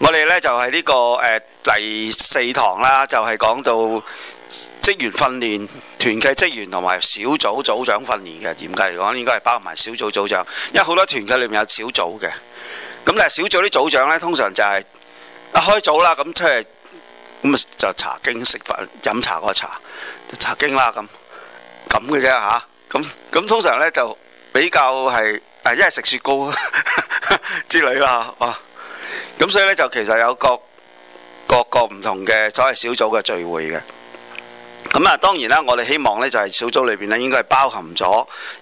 我哋咧就係、是、呢、這個誒第、呃、四堂啦，就係、是、講到職員訓練、團契職員同埋小組組長訓練嘅。嚴格嚟講，應該係包埋小組組長，因為好多團契裏面有小組嘅。咁但係小組啲組長咧，通常就係、是、一、啊、開組啦，咁出嚟咁就茶經食飯飲茶個茶茶經啦咁咁嘅啫嚇。咁咁、啊、通常咧就比較係啊，一係食雪糕 之類啦，啊咁所以咧就其實有各各個唔同嘅所謂小組嘅聚會嘅，咁啊當然啦，我哋希望呢就係、是、小組裏邊咧應該係包含咗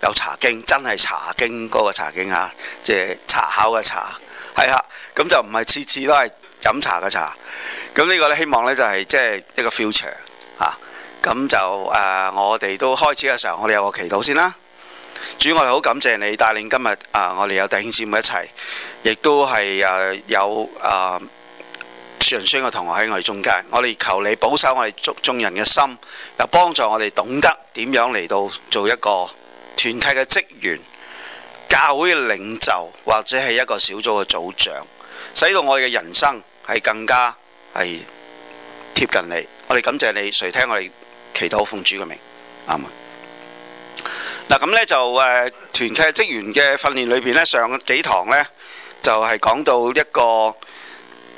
有查經，真係查經嗰個查經啊，即、就、係、是、查考嘅查，係啊，咁就唔係次次都係飲茶嘅茶，咁呢個呢，希望呢就係即係一個 future 嚇、啊，咁就誒、呃、我哋都開始嘅時候，我哋有個祈禱先啦。主，我哋好感謝你帶領今日啊，我哋有弟兄姊妹一齊，亦都係誒、啊、有啊傳宣嘅同學喺我哋中間。我哋求你保守我哋眾眾人嘅心，又幫助我哋懂得點樣嚟到做一個團契嘅職員、教會嘅領袖或者係一個小組嘅組長，使到我哋嘅人生係更加係貼近你。我哋感謝你，垂聽我哋祈禱，奉主嘅名，阿門。嗱，咁咧就誒團契職員嘅訓練裏邊咧，上幾堂咧就係講到一個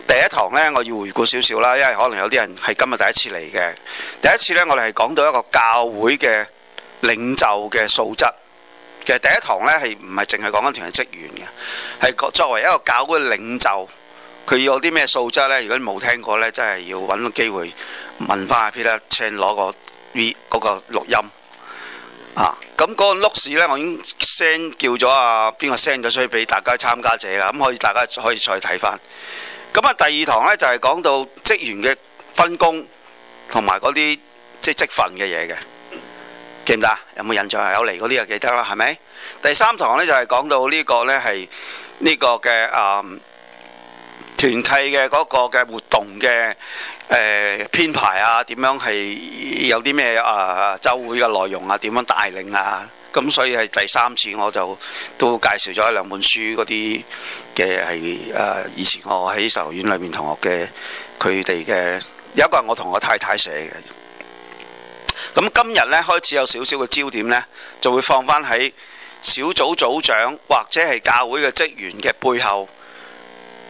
第一堂咧，我要回顧少少啦，因為可能有啲人係今日第一次嚟嘅。第一次咧，我哋係講到一個教會嘅領袖嘅素質。其實第一堂咧係唔係淨係講緊團契職員嘅，係作作為一個教會嘅領袖，佢要有啲咩素質咧？如果你冇聽過咧，真係要揾個機會問翻阿 Peter，請攞個 V 嗰個錄音。啊，咁、那、嗰個錄事咧，我已經 send 叫咗啊，邊個 send 咗出去俾大家參加者啊，咁可以大家可以再睇翻。咁啊，第二堂咧就係、是、講到職員嘅分工同埋嗰啲即係職分嘅嘢嘅，記唔得？有冇印象係有嚟嗰啲啊？記得啦，係咪？第三堂咧就係、是、講到呢個呢、這個咧係呢個嘅啊。嗯團契嘅嗰個嘅活動嘅誒、呃、編排啊，點樣係有啲咩啊，週會嘅內容啊，點樣帶領啊，咁所以係第三次我就都介紹咗一兩本書，嗰啲嘅係誒，以前我喺實院裏面同學嘅佢哋嘅，有一個係我同我太太寫嘅。咁今日呢，開始有少少嘅焦點呢，就會放翻喺小組組長或者係教會嘅職員嘅背後。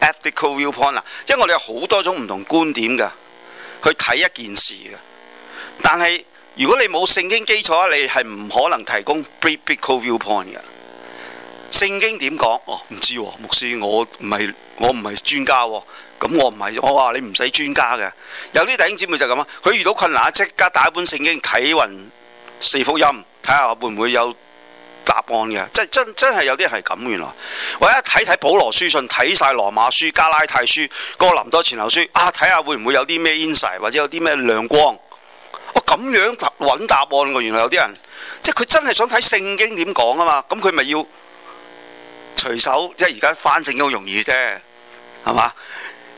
ethical viewpoint 啦，因為我哋有好多種唔同觀點嘅去睇一件事嘅。但係如果你冇聖經基礎，你係唔可能提供 biblical viewpoint 嘅。聖經點講？哦，唔知，牧師，我唔係，我唔係專家，咁我唔係，我話你唔使專家嘅。有啲弟兄姊妹就咁啊，佢遇到困難，即刻打開本聖經，睇云四福音，睇下會唔會有。答案嘅，即係真真係有啲人係咁。原來我一睇睇《保羅書信》，睇晒《羅馬書》、《加拉太書》、《哥林多前後書》，啊，睇下會唔會有啲咩 insight，或者有啲咩亮光。哦、啊，咁樣揾答案㗎。原來有啲人即係佢真係想睇聖經點講啊嘛。咁佢咪要隨手即係而家翻聖經容易啫，係嘛？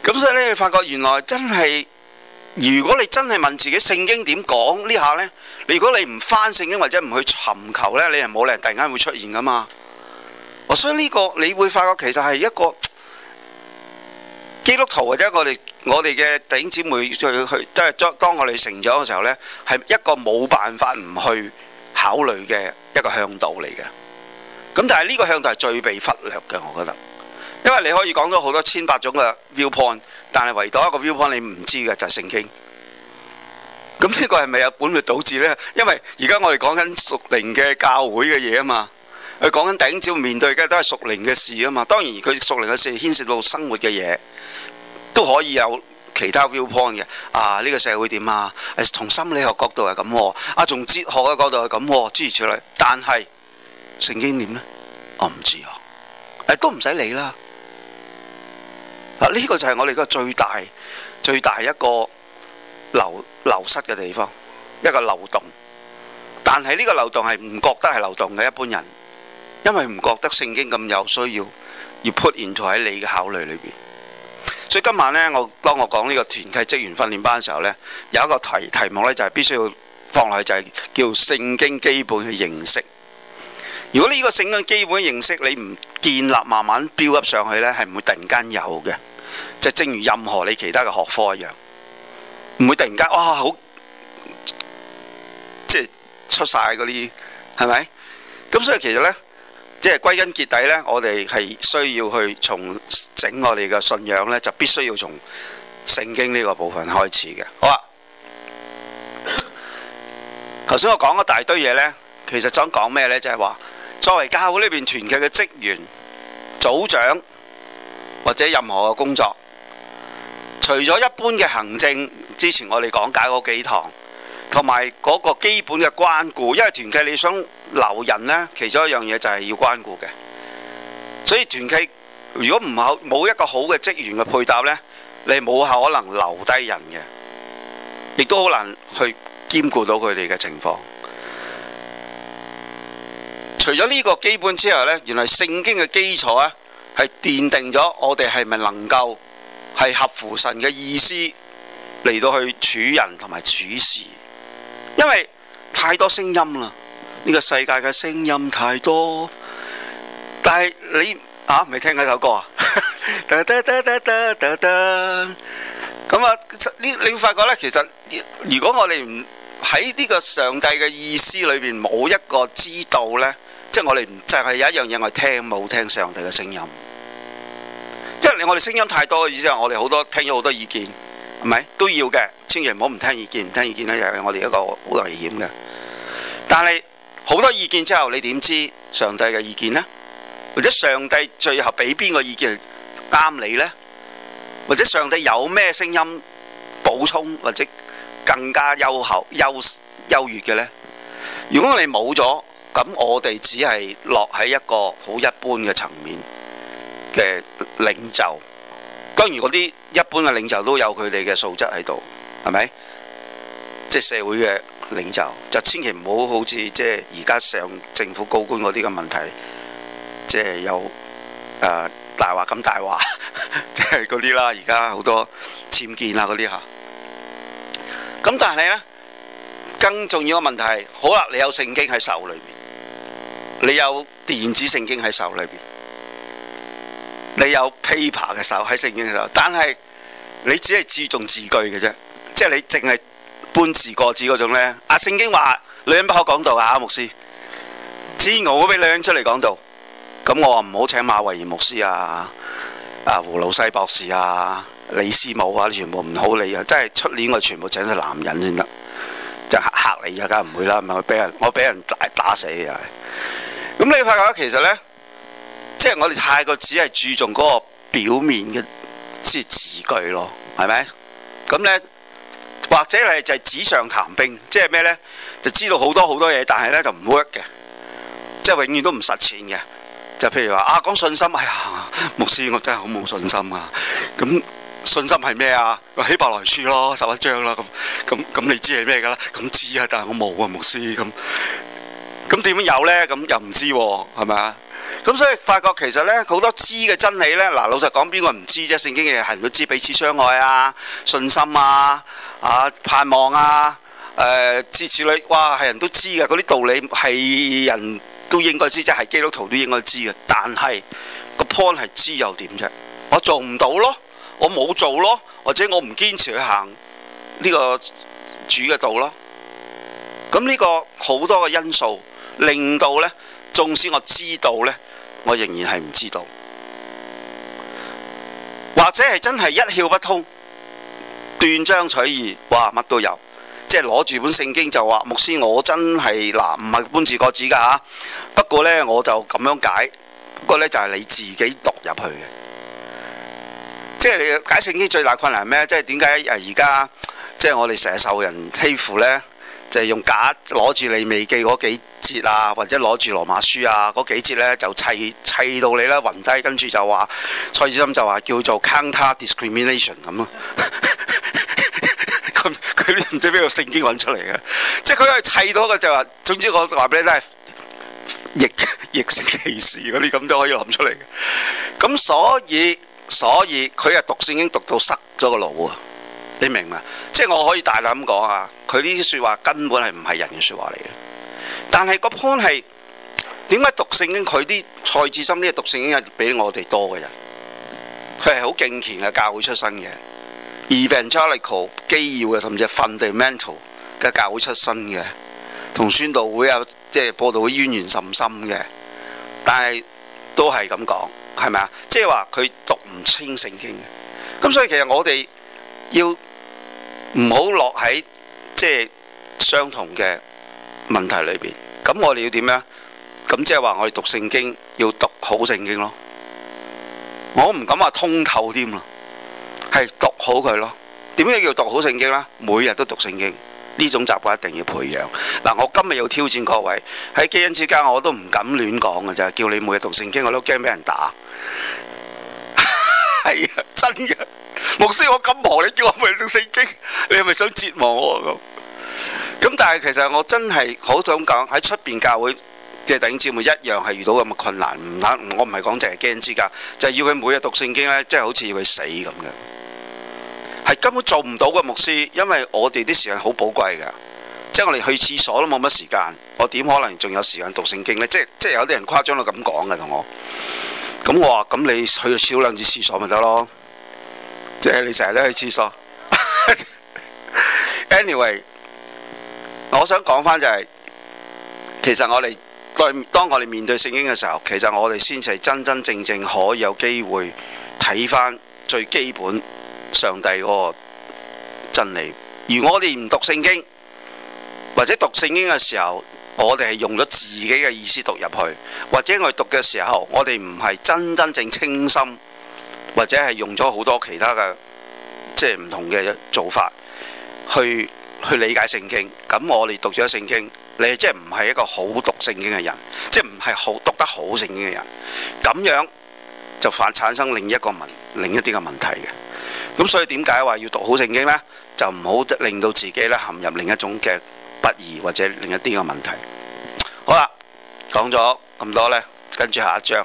咁所以咧，你發覺原來真係。如果你真係問自己聖經點講呢下呢，你如果你唔翻聖經或者唔去尋求呢，你係冇可能突然間會出現噶嘛。我所以呢、這個你會發覺其實係一個基督徒或者我哋我哋嘅弟兄姊妹去去即係作當我哋成長嘅時候呢，係一個冇辦法唔去考慮嘅一個向度嚟嘅。咁但係呢個向度係最被忽略嘅，我覺得，因為你可以講到好多千百種嘅 viewpoint。但係唯獨一個 viewpoint 你唔知嘅就係、是、聖經。咁呢個係咪有本末倒置呢？因為而家我哋講緊屬靈嘅教會嘅嘢啊嘛，佢講緊頂朝面對嘅都係屬靈嘅事啊嘛。當然佢屬靈嘅事牽涉到生活嘅嘢都可以有其他 viewpoint 嘅。啊，呢、這個社會點啊？係、啊、從心理學角度係咁喎，啊從哲學嘅角度係咁喎，諸如此類。但係聖經點呢？我唔知啊、啊。都唔使理啦。呢個就係我哋個最大，最大一個流流失嘅地方，一個漏洞。但係呢個漏洞係唔覺得係漏洞嘅一般人，因為唔覺得聖經咁有需要而 put 現財喺你嘅考慮裏邊。所以今晚呢，我當我講呢個團契職員訓練班嘅時候呢，有一個題題目呢，就係、是、必須要放落去，就係、是、叫聖經基本嘅認識。如果呢個聖經基本認識你唔建立，慢慢標 up 上去呢，係唔會突然間有嘅。就正如任何你其他嘅學科一樣，唔會突然間哇好，哦，即係出晒嗰啲係咪？咁所以其實咧，即係歸根結底咧，我哋係需要去從整我哋嘅信仰咧，就必須要從聖經呢個部分開始嘅。好啊，頭先我講一大堆嘢咧，其實想講咩咧，就係、係、話作為教會呢邊團嘅嘅職員、組長。或者任何嘅工作，除咗一般嘅行政，之前我哋講解嗰幾堂，同埋嗰個基本嘅關顧，因為團契你想留人咧，其中一樣嘢就係要關顧嘅。所以團契如果唔好冇一個好嘅職員嘅配搭咧，你冇可能留低人嘅，亦都好難去兼顧到佢哋嘅情況。除咗呢個基本之外咧，原來聖經嘅基礎啊！係奠定咗我哋係咪能夠係合乎神嘅意思嚟到去處人同埋處事？因為太多聲音啦，呢個世界嘅聲音太多。但係你啊，未聽緊首歌啊？咁 啊，你會發覺呢。其實如果我哋唔喺呢個上帝嘅意思裏面，冇一個知道呢。即係我哋唔，就係有一樣嘢，我哋聽冇聽上帝嘅聲音。即係你我哋聲音太多，嘅意思係我哋好多聽咗好多意見，係咪都要嘅？千祈唔好唔聽意見，唔聽意見咧又係我哋一個好危險嘅。但係好多意見之後，你點知上帝嘅意見咧？或者上帝最後俾邊個意見啱你咧？或者上帝有咩聲音補充，或者更加優厚、優優越嘅咧？如果我哋冇咗。咁我哋只係落喺一個好一般嘅層面嘅領袖，當然嗰啲一般嘅領袖都有佢哋嘅素質喺度，係咪？即係社會嘅領袖，就千祈唔好好似即係而家上政府高官嗰啲嘅問題，即係有誒大話咁大話，即係嗰啲啦。而家好多僭建啊嗰啲嚇，咁但係咧，更重要嘅問題好啦，你有聖經喺手裏面。你有電子聖經喺手裏邊，你有 paper 嘅手喺聖經嘅手，但係你只係注重字句嘅啫，即係你淨係搬字過紙嗰種咧。阿、啊、聖經話女人不可講道啊，牧師。天，我會俾女人出嚟講道，咁我話唔好請馬維賢牧師啊，啊胡老西博士啊，李思武啊，你全部唔好理啊，真係出年我全部請晒男人先得，就嚇嚇你啊，梗係唔會啦，唔係我俾人我俾人打打死啊！咁你發覺其實咧，即係我哋太過只係注重嗰個表面嘅即係字句咯，係咪？咁咧，或者係就係紙上談兵，即係咩咧？就知道好多好多嘢，但係咧就唔 work 嘅，即係永遠都唔實踐嘅。就譬如話啊，講信心，哎呀，牧師，我真係好冇信心啊！咁信心係咩啊？希伯來書咯，十一章啦，咁咁咁，你知係咩㗎啦？咁知啊，但係我冇啊，牧師咁。咁點樣有呢？咁又唔知喎，係咪啊？咁所以發覺其實呢，好多知嘅真理呢。嗱，老實講，邊個唔知啫？聖經嘅嘢係人都知，彼此相愛啊、信心啊、啊盼望啊、誒、呃、諸此類，哇係人都知嘅嗰啲道理係人都應該知，即係基督徒都應該知嘅。但係個 point 係知又點啫？我做唔到咯，我冇做咯，或者我唔堅持去行呢個主嘅道咯。咁呢個好多嘅因素。令到呢，縱使我知道呢，我仍然係唔知道，或者係真係一竅不通，斷章取義，話乜都有，即係攞住本聖經就話牧師，我真係嗱，唔係搬字過紙㗎嚇，不過呢，我就咁樣解，不過呢，就係你自己讀入去嘅，即係你解聖經最大困難係咩？即係點解而家即係我哋成日受人欺負呢？就係用假攞住利未記嗰幾節啊，或者攞住羅馬書啊嗰幾節咧，就砌砌到你咧暈低，跟住就話蔡志森就話叫做 counter discrimination 咁咯、啊。咁佢都唔知邊個聖經揾出嚟嘅，即係佢係砌多個就話，總之我話俾你聽，逆逆性歧視嗰啲咁都可以諗出嚟。嘅。」咁所以所以佢係讀聖經讀到塞咗個腦啊！你明嘛？即係我可以大膽咁講啊！佢呢啲説話根本係唔係人嘅説話嚟嘅。但係個 point 係點解讀聖經？佢啲蔡智深呢個讀聖經係比我哋多嘅人。佢係好敬虔嘅教會出身嘅，Evangelical 基要嘅，甚至係 fundamental 嘅教會出身嘅，同宣道會啊，即係播道會淵源甚深嘅。但係都係咁講，係咪啊？即係話佢讀唔清聖經嘅。咁所以其實我哋要。唔好落喺即係相同嘅問題裏邊，咁我哋要點呢？咁即係話我哋讀聖經要讀好聖經咯。我唔敢話通透添啦，係讀好佢咯。點樣叫讀好聖經呢？每日都讀聖經，呢種習慣一定要培養。嗱，我今日要挑戰各位喺基恩之家，我都唔敢亂講嘅啫，叫你每日讀聖經，我都驚俾人打。係 啊，真嘅。牧師，我咁忙，你叫我每日讀聖經，你係咪想折磨我咁？咁 但係其實我真係好想講，喺出邊教會嘅弟兄姊妹一樣係遇到咁嘅困難，唔，我唔係講淨係驚知噶，就係、是、要佢每日讀聖經呢，即係好似要佢死咁嘅，係根本做唔到嘅。牧師，因為我哋啲時間好寶貴噶，即係我哋去廁所都冇乜時間，我點可能仲有時間讀聖經呢？即係即係有啲人誇張到咁講嘅，同我咁，我話咁你去少兩次廁所咪得咯？即係你成日都去廁所。 Anyway，我想講翻就係、是，其實我哋當當我哋面對聖經嘅時候，其實我哋先至係真真正正可以有機會睇翻最基本上帝個真理。而我哋唔讀聖經，或者讀聖經嘅時候，我哋係用咗自己嘅意思讀入去，或者我哋讀嘅時候，我哋唔係真真正清心。或者係用咗好多其他嘅即係唔同嘅做法去去理解聖經，咁我哋讀咗聖經，你即係唔係一個好讀聖經嘅人，即係唔係好讀得好聖經嘅人，咁樣就反產生另一個問另一啲嘅問題嘅。咁所以點解話要讀好聖經呢？就唔好令到自己咧陷入另一種嘅不義或者另一啲嘅問題。好啦，講咗咁多呢，跟住下一章。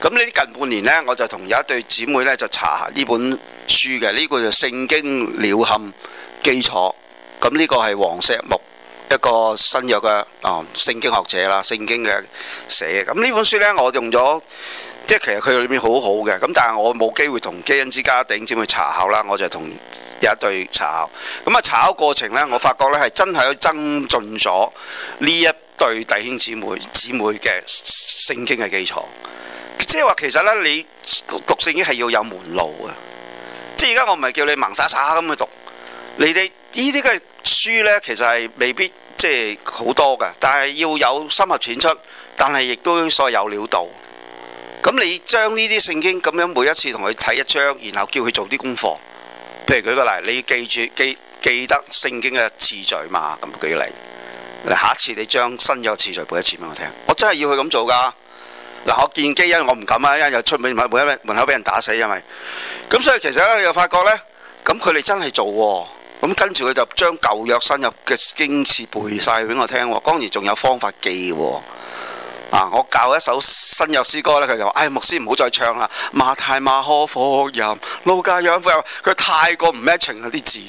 咁呢啲近半年咧，我就同有一對姊妹咧就查下呢本書嘅，呢個就《聖經鳥瞰基礎》，咁呢個係黃石木一個新約嘅啊聖經學者啦，聖經嘅寫嘅。咁呢本書咧，我用咗即係其實佢裏面好好嘅咁，但係我冇機會同基恩之家弟兄姊妹去查考啦，我就同有一對查考咁，啊查考過程咧，我發覺咧係真係增進咗呢一對弟兄姊妹姊妹嘅聖經嘅基礎。即係話，其實咧，你讀聖經係要有門路㗎。即係而家我唔係叫你盲灑灑咁去讀，你哋呢啲嘅書咧，其實係未必即係好多噶，但係要有深入淺出，但係亦都所謂有料到。咁你將呢啲聖經咁樣每一次同佢睇一章，然後叫佢做啲功課。譬如舉個例，你記住記記得聖經嘅次序嘛？咁舉個例，你下次你將新約次序背一次俾我聽，我真係要佢咁做噶。嗱，我見基因我唔敢啊，因為又出門，門口俾人打死，因為，咁所以其實咧，你又發覺呢，咁佢哋真係做喎。咁跟住佢就將舊約新約嘅經詞背晒俾我聽喎。當時仲有方法記喎。啊，我教一首新約詩歌呢，佢就話：哎，牧師唔好再唱啦，馬太馬可福音、路加約翰福音，佢太過唔 matching 嗰啲字。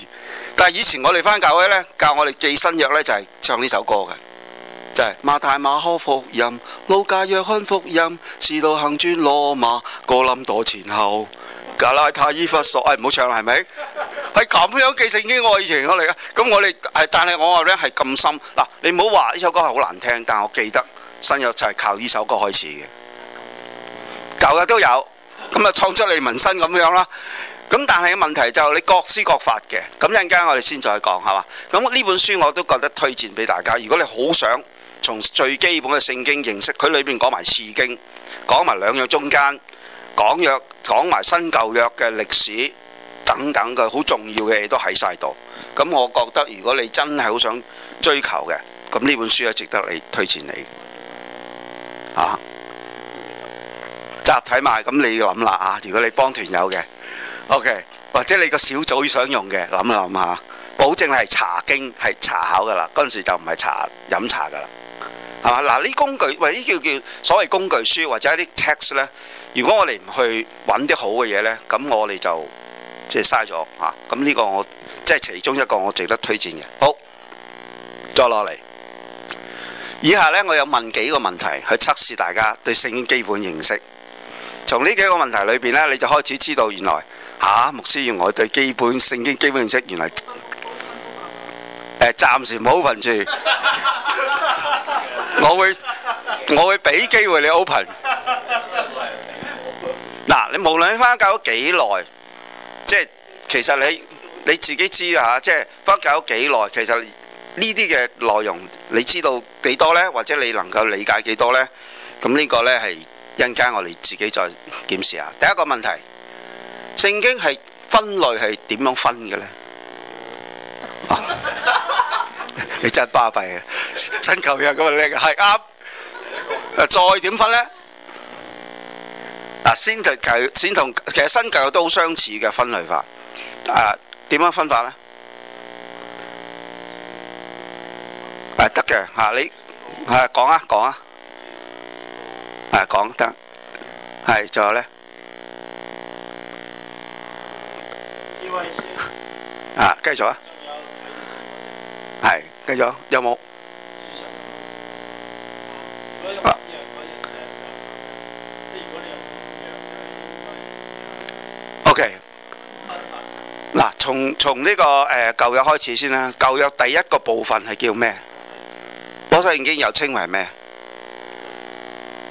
但係以前我哋翻教會咧，教我哋記新約呢，就係唱呢首歌嘅。就係馬太、馬可福音、路加、約翰福音，使徒行傳、羅馬、哥林多前後。加拉太、以弗所，誒，唔好唱啦，係咪係咁樣記承經愛情？我以前我嚟嘅咁，我哋但係我話咧係咁深嗱。你唔好話呢首歌係好難聽，但我記得新約就係靠呢首歌開始嘅，舊約都有咁啊，就創出利民申咁樣啦。咁但係嘅問題就係，你各施各法嘅，咁陣間我哋先再講係嘛。咁呢本書我都覺得推薦俾大家，如果你好想。從最基本嘅聖經認識，佢裏邊講埋次經，講埋兩約中間講約，講埋新舊約嘅歷史等等嘅好重要嘅嘢都喺晒度。咁我覺得如果你真係好想追求嘅，咁呢本書係值得你推薦你嚇。集體埋咁你諗啦啊！如果你幫團友嘅，OK，或者你個小組想用嘅，諗一諗嚇，保證係茶經係茶考㗎啦。嗰陣時就唔係茶飲茶㗎啦。係嘛？嗱，啲工具，喂，啲叫叫所謂工具書或者一啲 text 咧，如果我哋唔去揾啲好嘅嘢咧，咁我哋就即係嘥咗嚇。咁呢個我即係其中一個我值得推薦嘅。好，再落嚟。以下咧，我有問幾個問題去測試大家對聖經基本認識。從呢幾個問題裏邊咧，你就開始知道原來嚇，牧師要我對基本聖經基本認識原來誒暫時冇瞓住。我會，我會俾機會你 open。嗱， 你無論返教咗幾耐，即係其實你你自己知啊。即係返教咗幾耐，其實呢啲嘅內容你知道幾多呢？或者你能夠理解幾多呢？咁呢個呢，係一陣間我哋自己再檢視下。第一個問題，聖經係分類係點樣分嘅呢？啊 你真係巴閉啊！新舊約咁啊叻，係啱。誒，再點分呢？嗱，先同其實新舊約都好相似嘅分類法。啊，點樣分法呢？誒，得嘅，吓你，吓講啊，講啊，誒，講得，係，仲有呢？啊，繼續啊！係，繼續，有冇？O K，嗱，從從呢個誒舊約開始先啦。舊約第一個部分係叫咩？摩西經又稱為咩？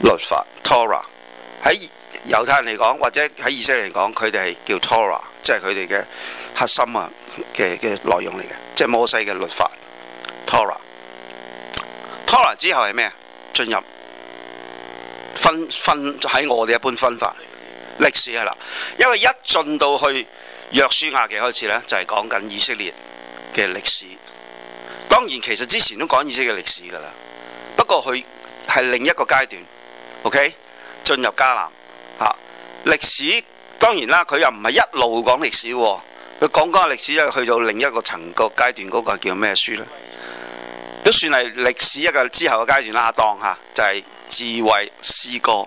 律法 （Tora）。喺猶太人嚟講，或者喺以色列嚟講，佢哋係叫 Tora，即係佢哋嘅核心啊嘅嘅內容嚟嘅，即係摩西嘅律法。Tora t, ora. t ora 之後係咩？進入分分喺我哋一般分法歷史係啦，因為一進到去約書亞記開始呢，就係、是、講緊以色列嘅歷史。當然其實之前都講以色列歷史㗎啦，不過佢係另一個階段。O、OK? K. 進入迦南嚇、啊、歷史，當然啦，佢又唔係一路講歷史喎。佢講講下歷史，因為去到另一個層個階段，嗰個叫咩書呢？都算係歷史一個之後嘅階段啦。亞、啊、當下就係、是、智慧詩歌，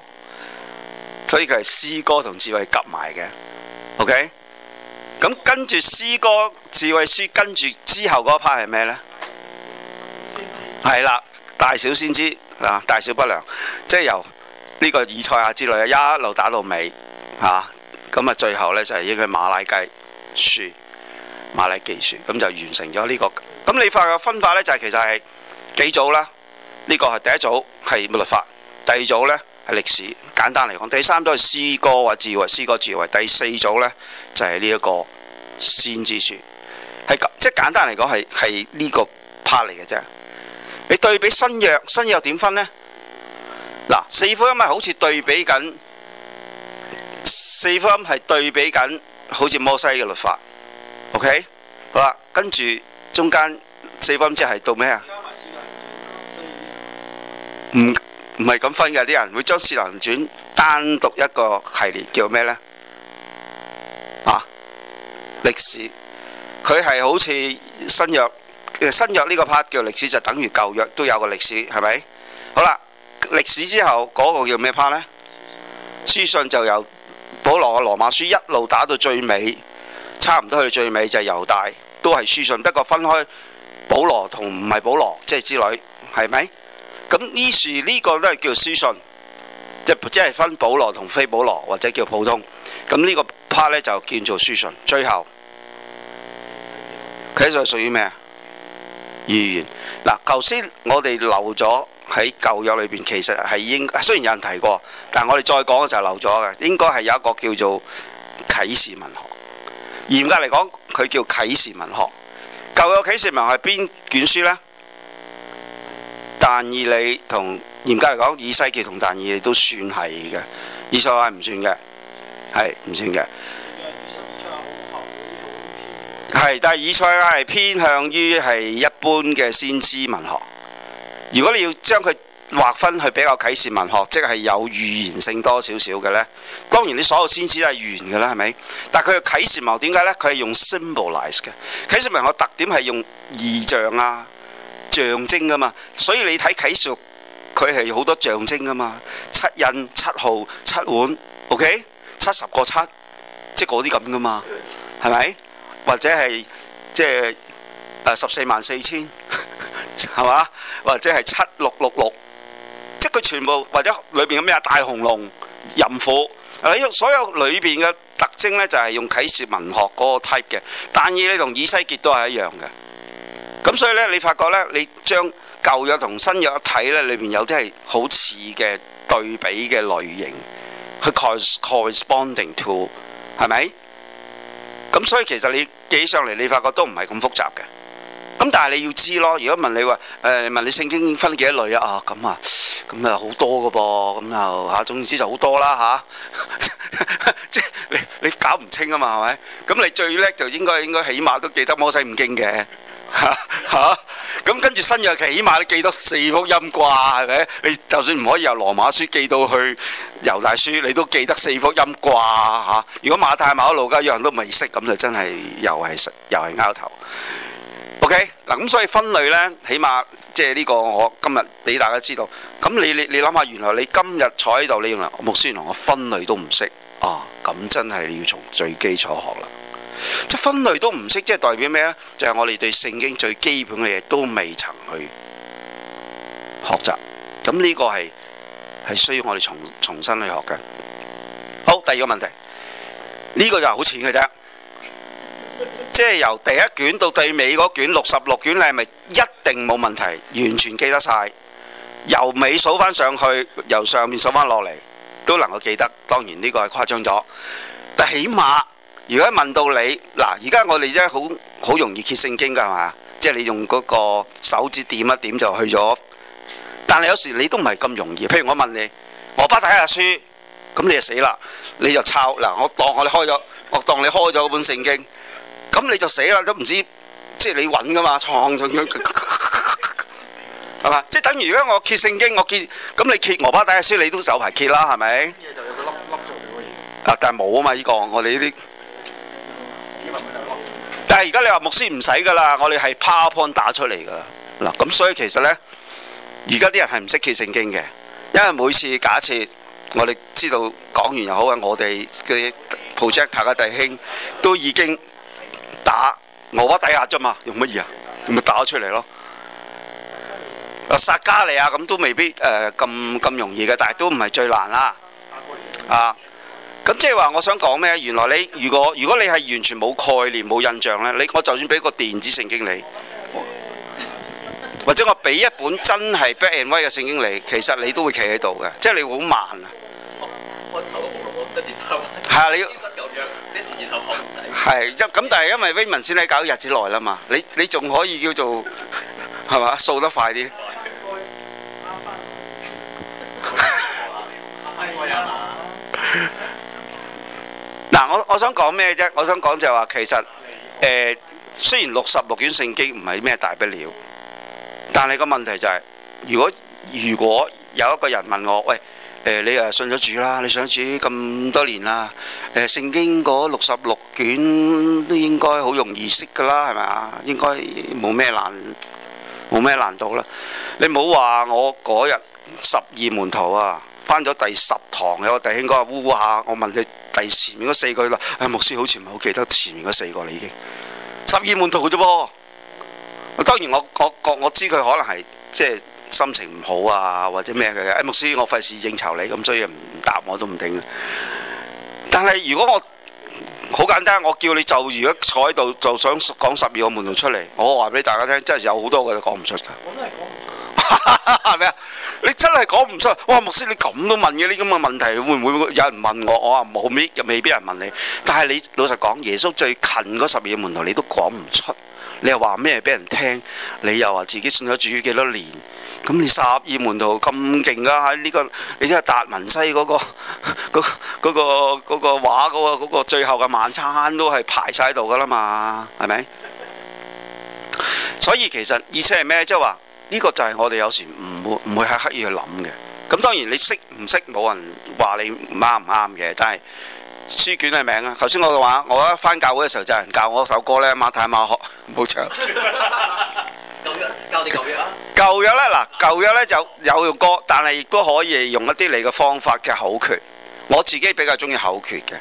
所以佢係詩歌同智慧夾埋嘅。OK，咁跟住詩歌智慧書跟住之後嗰一 part 係咩呢？係啦知，大小先知啊，大小不良，即係由呢個以賽亞之類啊，一路打到尾嚇，咁啊最後呢，就係應該瑪拉基書瑪拉基書。咁就完成咗呢、這個。咁理法嘅分法咧，就係其實係幾組啦。呢個係第一組係律法，第二組咧係歷史，簡單嚟講。第三組係詩歌或智慧，詩歌智慧。第四組咧就係呢一個先知書，係即係簡單嚟講係係呢個 part 嚟嘅啫。你對比新約，新約點分呢？嗱，四福音咪好似對比緊四福音，係對比緊好似摩西嘅律法。OK，好啦，跟住。中間四分之係到咩啊？唔唔係咁分嘅，啲人會將《使徒行傳》單獨一個系列叫咩呢？啊，歷史佢係好似新約新約呢個 part 叫歷史，就等於舊約都有個歷史，係咪？好啦，歷史之後嗰、那個叫咩 part 咧？書信就由保羅嘅《羅馬書》一路打到最尾，差唔多去到最尾就係、是、猶大。都係書信，不過分開保羅同唔係保羅即係之類，係咪？咁於是呢個都係叫書信，即即係分保羅同非保羅或者叫普通。咁呢個 part 呢就叫做書信。最後佢就屬於咩語言？嗱，頭先我哋漏咗喺舊約裏邊，其實係應雖然有人提過，但係我哋再講嘅時候漏咗嘅，應該係有一個叫做啟示文學。嚴格嚟講。佢叫啟示文學，舊有《啟示文學係邊卷書呢？但以理同嚴格嚟講，以西結同但以理都算係嘅，以賽亞唔算嘅，係唔算嘅。係， 但係以賽亞係偏向於係一般嘅先知文學。如果你要將佢劃分佢比較啟示文學，即係有預言性多少少嘅呢。當然，你所有先知都係預言嘅啦，係咪？但係佢嘅啟示文學點解呢？佢係用 symbolize 嘅。啟示文學特點係用異象啊、象徵㗎嘛。所以你睇啟示，佢係好多象徵噶嘛。七印、七號、七碗，OK，七十個七，即係嗰啲咁噶嘛，係咪？或者係即係十四萬四千，係 嘛？或者係七六六六,六。即係佢全部或者裏邊有咩啊，大紅龍、淫婦啊，所有裏邊嘅特徵咧就係用啟示文學嗰個 type 嘅，但係呢同以西結都係一樣嘅。咁所以咧，你發覺咧，你將舊約同新約一睇咧，裏邊有啲係好似嘅對比嘅類型去 corresponding to，係咪？咁所以其實你記起上嚟，你發覺都唔係咁複雜嘅。咁但係你要知咯，如果問你話，誒問你聖經分幾多類啊？啊咁啊，咁啊好多嘅噃，咁又嚇，總之就好多啦嚇，即係你你搞唔清啊嘛，係咪？咁你最叻就應該應該起碼都記得摩西五經嘅嚇嚇，咁跟住新約期起碼你記得四福音㗎係咪？你就算唔可以由羅馬書記到去猶大書，你都記得四福音嚇。如果馬太馬可路加嘅樣都未識，咁就真係又係又係拗頭。嗱，咁、okay, 所以分類呢，起碼即係呢個我今日俾大家知道。咁你你你諗下，原來你今日坐喺度，你連牧師同我，我分類都唔識啊！咁真係要從最基礎學啦。即分類都唔識，即係代表咩咧？就係、是、我哋對聖經最基本嘅嘢都未曾去學習。咁呢個係係需要我哋重重新去學嘅。好，第二個問題，呢、這個就好淺嘅啫。即係由第一卷到最尾嗰卷六十六卷，你係咪一定冇問題？完全記得晒，由尾數翻上去，由上面數翻落嚟都能夠記得。當然呢個係誇張咗，但起碼如果問到你嗱，而家我哋真係好好容易揭聖經噶係嘛？即係你用嗰個手指點一點就去咗，但係有時你都唔係咁容易。譬如我問你，我不睇下書，咁你就死啦，你就抄嗱。我當我哋開咗，我當你開咗本聖經。咁你就死啦！都唔知即係你揾噶嘛，創咁樣係嘛？即係等於如果我揭聖經，我揭咁你揭俄巴底書，你都走排揭啦，係咪？啊，但係冇啊嘛，呢個我哋呢啲。但係而家你話牧師唔使㗎啦，我哋係 powerpoint 打出嚟㗎啦。嗱，咁所以其實咧，而家啲人係唔識揭聖經嘅，因為每次假設我哋知道講完又好啊，我哋嘅 project 嘅弟兄都已經。打牛巴底下啫嘛，用乜嘢啊？咪打出嚟咯殺、呃。啊，殺加利啊，咁都未必誒咁咁容易嘅，但係都唔係最難啦。啊，咁即係話我想講咩？原來你如果如果你係完全冇概念冇印象呢，你我就算俾個電子聖經你，或者我俾一本真係 back in 威嘅聖經你，其實你都會企喺度嘅，即係你好慢啊。係啊，你要。係，即咁，但係因為威文先喺搞日子耐啦嘛，你你仲可以叫做係咪，掃得快啲。嗱，我我想講咩啫？我想講就係話，其實誒，雖然六十六卷聖經唔係咩大不了，但係個問題就係，如果如果有一個人問我，喂？誒你啊信咗主啦，你信主咁多年啦，誒、呃、聖經嗰六十六卷都應該好容易識㗎啦，係咪啊？應該冇咩難，冇咩難度啦。你唔好話我嗰日十二門徒啊，翻咗第十堂有個弟兄哥啊，呼呼下，我問佢第前面嗰四句啦，誒、哎、牧師好似唔係好記得前面嗰四個啦已經。十二門徒啫噃，當然我我覺我知佢可能係即係。心情唔好啊，或者咩嘅？哎，牧師，我費事應酬你咁，所以唔答我都唔定。但係如果我好簡單，我叫你就如果坐喺度，就想講十二個門徒出嚟，我話俾大家聽，真係有好多嘅都講唔出。我真係講，係咪啊？你真係講唔出哇！牧師，你咁都問嘅呢咁嘅問題，會唔會有人問我？我話冇未必人問你。但係你老實講，耶穌最近嗰十二個門徒，你都講唔出，你又話咩俾人聽？你又話自己信咗主幾多年？咁你十二門徒咁勁㗎！喺呢、呢個，你知阿達文西嗰、嗰個、嗰 嗰、嗰個、嗰個畫、嗰個、嗰個嗰個嗰個嗰個、最後嘅晚餐都係排晒喺度噶啦嘛，係咪？所以其實，意思係咩？即係話呢個就係我哋有時唔會唔會係刻意去諗嘅。咁當然你識唔識，冇人話你啱唔啱嘅，但係。書卷嘅名啊！頭先我嘅話，我一翻教會嘅時候就有、是、人教我首歌咧，《馬太馬學》冇唱。 舊約教你舊約啊！舊約咧，嗱舊約咧就有用歌，但係亦都可以用一啲你嘅方法嘅口訣。我自己比較中意口訣嘅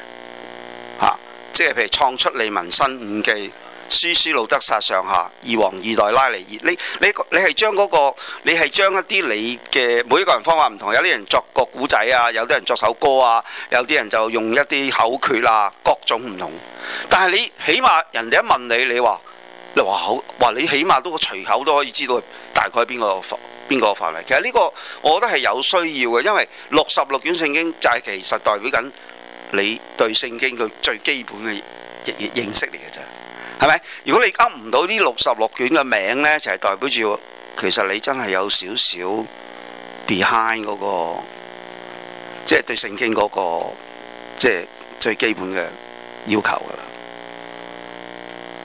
嚇、啊，即係譬如創出利民申五記。書士路得撒上下，二王二代拉尼熱。你你你係將嗰個，你係將一啲你嘅每一個人方法唔同，有啲人作個古仔啊，有啲人作首歌啊，有啲人就用一啲口訣啊，各種唔同。但係你起碼人哋一問你，你話你話好，話你起碼都隨口都可以知道大概邊個範邊個範圍。其實呢個我覺得係有需要嘅，因為六十六卷聖經就係其實代表緊你對聖經嘅最基本嘅認識嚟嘅啫。係咪？如果你噏唔到啲六十六卷嘅名咧，就係代表住其實你真係有少少 behind 嗰個，即係對聖經嗰個即係最基本嘅要求噶啦。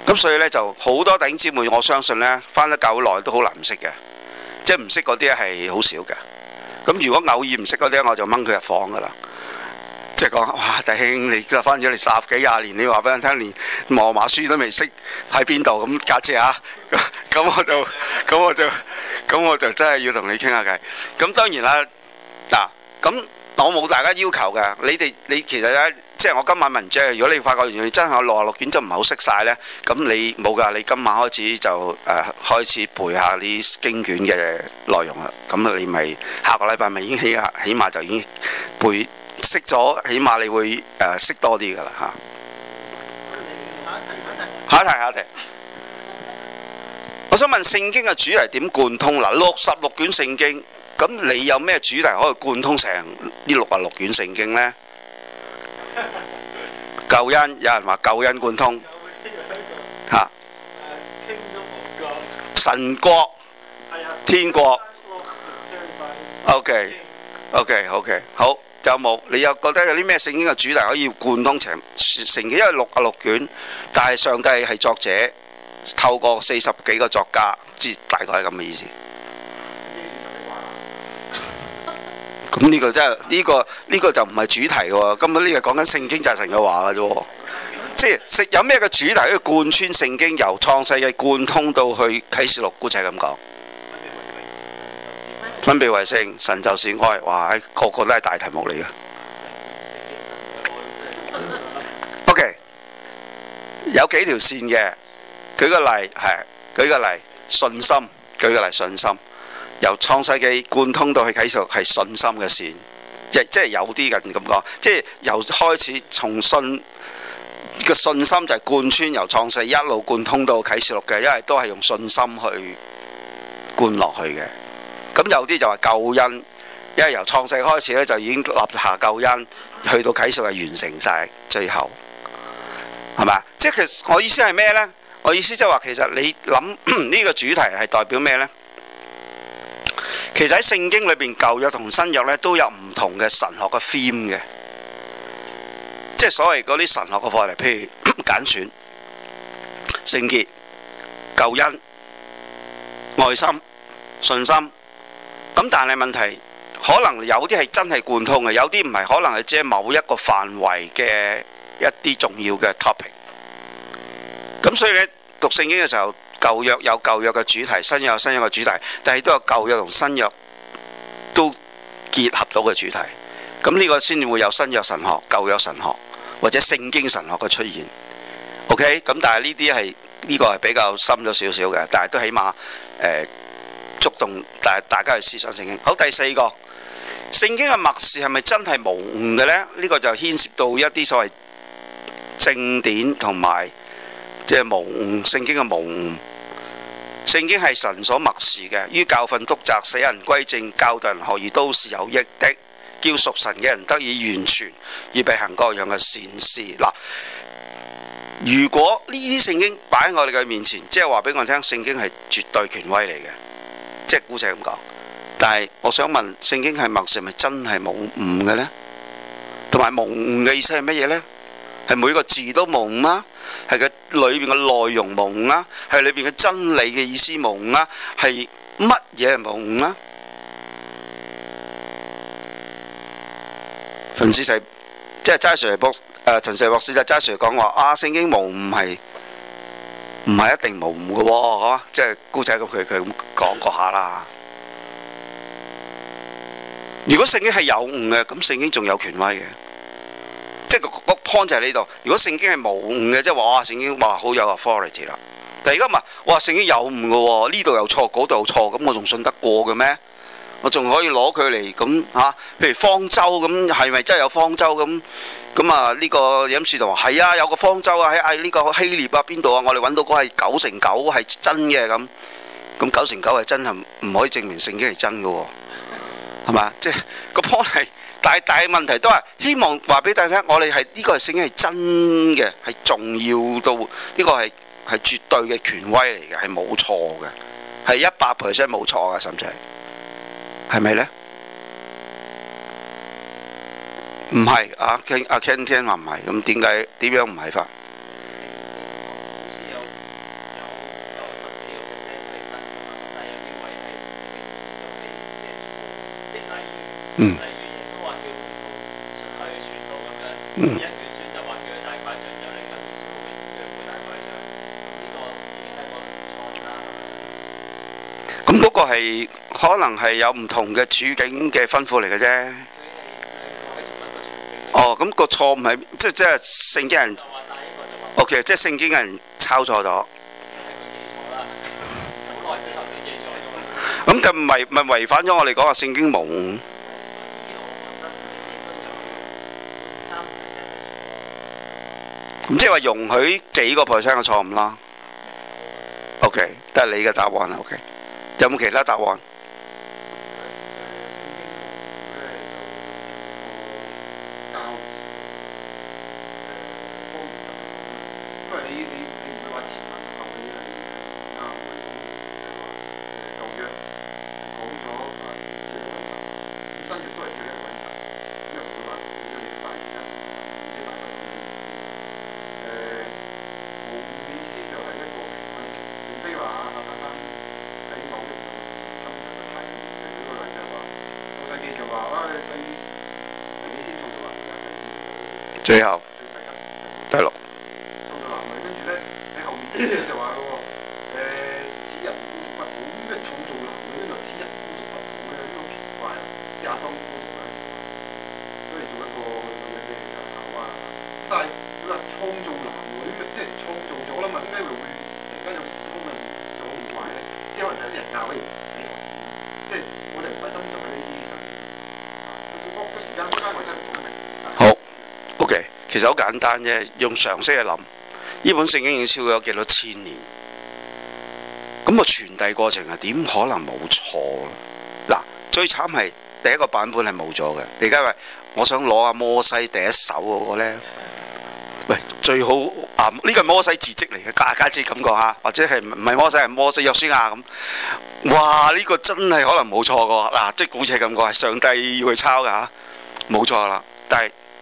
咁所以咧，就好多弟兄姊妹，我相信咧返得夠耐都好難唔識嘅，即係唔識嗰啲係好少嘅。咁如果偶爾唔識嗰啲，我就掹佢入房噶啦。即係講哇，弟兄，你就翻咗嚟十幾廿年，你話俾人聽連羅馬，馬書都未識喺邊度咁假設吓。咁、啊、我就咁我就咁我就真係要同你傾下偈。咁當然啦，嗱、啊，咁我冇大家要求㗎。你哋你其實咧，即係我今晚問啫。如果你發覺原來真係六十六卷就唔係好識晒咧，咁你冇㗎，你今晚開始就誒、呃、開始背下啲經卷嘅內容啦。咁你咪下個禮拜咪已經起碼起碼就已經背。識咗，起碼你會誒識多啲噶啦吓。下一題，下一題。我想問聖經嘅主題點貫通？嗱，六十六卷聖經，咁你有咩主題可以貫通成呢六啊六卷聖經呢？救恩，有人話救恩貫通吓。神國、天國。OK，OK，OK，好。有冇？你又覺得有啲咩聖經嘅主題可以貫通成成，成？因為六啊六卷，但係上帝係作者，透過四十幾個作家，即大概係咁嘅意思。咁呢、嗯這個真係呢、這個呢、這個就唔係主題喎。今日呢個講緊聖經就係、是、神嘅話嘅啫。 即係有咩嘅主題可以貫穿聖經，由創世記貫通到去啟示錄，姑計係咁講。分別為聖神就是愛，哇！個個都係大題目嚟嘅。 OK，有幾條線嘅。舉個例，係舉個例，信心。舉個例，信心由創世記貫通到去啟示錄係信心嘅線，亦即係有啲人咁講，即係由開始從信個信心就係貫穿由創世一路貫通到啟示錄嘅，因為都係用信心去貫落去嘅。咁有啲就話救恩，因為由創世開始咧，就已經立下救恩，去到啟示係完成曬，最後係嘛？即係其實我意思係咩呢？我意思即係話其實你諗呢個主題係代表咩呢？其實喺聖經裏邊，舊約同新約咧都有唔同嘅神學嘅 theme 嘅，即係所謂嗰啲神學嘅課題，譬如揀選、聖潔、救恩、愛心、信心。咁但係問題，可能有啲係真係貫通嘅，有啲唔係，可能係即係某一個範圍嘅一啲重要嘅 topic。咁所以呢，讀聖經嘅時候，舊約有舊約嘅主題，新約有新約嘅主題，但係都有舊約同新約都結合到嘅主題。咁呢個先會有新約神學、舊約神學或者聖經神學嘅出現。OK，咁但係呢啲係呢個係比較深咗少少嘅，但係都起碼誒觸動大大家嘅思想聖經。好，第四個聖經嘅默示係咪真係無誤嘅呢？呢、呢個就牽涉到一啲所謂正典同埋即係無誤，聖經嘅無誤。聖經係神所默示嘅，於教訓、督責、死人歸正、教導人學義都是有益的，叫屬神嘅人得以完全，預備行各樣嘅善事。嗱，如果呢啲聖經擺喺我哋嘅面前，即係話俾我聽，聖經係絕對權威嚟嘅。即係古仔咁講，但係我想問聖經係默示咪真係冇誤嘅咧？同埋冇誤嘅意思係乜嘢咧？係每個字都冇誤啊？係佢裏邊嘅內容冇誤啊？係裏邊嘅真理嘅意思冇誤啊？係乜嘢冇誤啊？陳士成，即係 Jasper，誒，陳士成博士就 Jasper 講話啊，聖經冇誤係。唔係一定無誤嘅喎、啊，即係高仔咁佢佢咁講過下啦。如果聖經係有誤嘅，咁聖經仲有權威嘅，即係、嗰個、嗰個 point 就係呢度。如果聖經係無誤嘅，即係話哇，聖經話好有 authority 啦。但而家唔係，哇，聖經有誤嘅喎，呢度又錯，嗰度又錯，咁我仲信得過嘅咩？我仲可以攞佢嚟咁嚇，譬如方舟咁，係咪真係有方舟咁？咁啊！呢、嗯這個影視台話係啊，有個方舟啊，喺啊呢個希臘啊邊度啊，我哋揾到嗰係九成九係真嘅咁。咁九成九係真係唔可以證明聖經係真嘅喎、哦，係嘛？即係個 point 係，大大問題都係希望話俾大家聽，我哋係呢個係聖、這個、經係真嘅，係重要到呢、這個係係絕對嘅權威嚟嘅，係冇錯嘅，係一百 percent 冇錯嘅，甚至係係咪呢？唔係啊，阿 Ken 阿 Ken 聽話唔係，咁點解點樣唔係法？嗯。嗯。咁嗰個係可能係有唔同嘅處境嘅吩咐嚟嘅啫。咁個錯誤係即即係聖經人，OK，即係聖經人抄錯咗。咁就唔係唔係違反咗我哋講嘅聖經蒙。咁即係話容許幾個 percent 嘅錯誤咯。OK，都係你嘅答案啦。OK，有冇其他答案？其實好簡單啫，用常識去諗，呢本聖經已經超過咗幾多千年，咁個傳遞過程係，點可能冇錯？嗱，最慘係第一個版本係冇咗嘅。你而家咪我想攞阿摩西第一首嗰個咧，喂，最好啊呢個係摩西字跡嚟嘅，大家知感覺吓、啊，或者係唔係摩西？係摩西約書亞咁。哇，呢個真係可能冇錯噶，嗱，即係古仔咁講，係上帝要去抄噶，冇錯啦。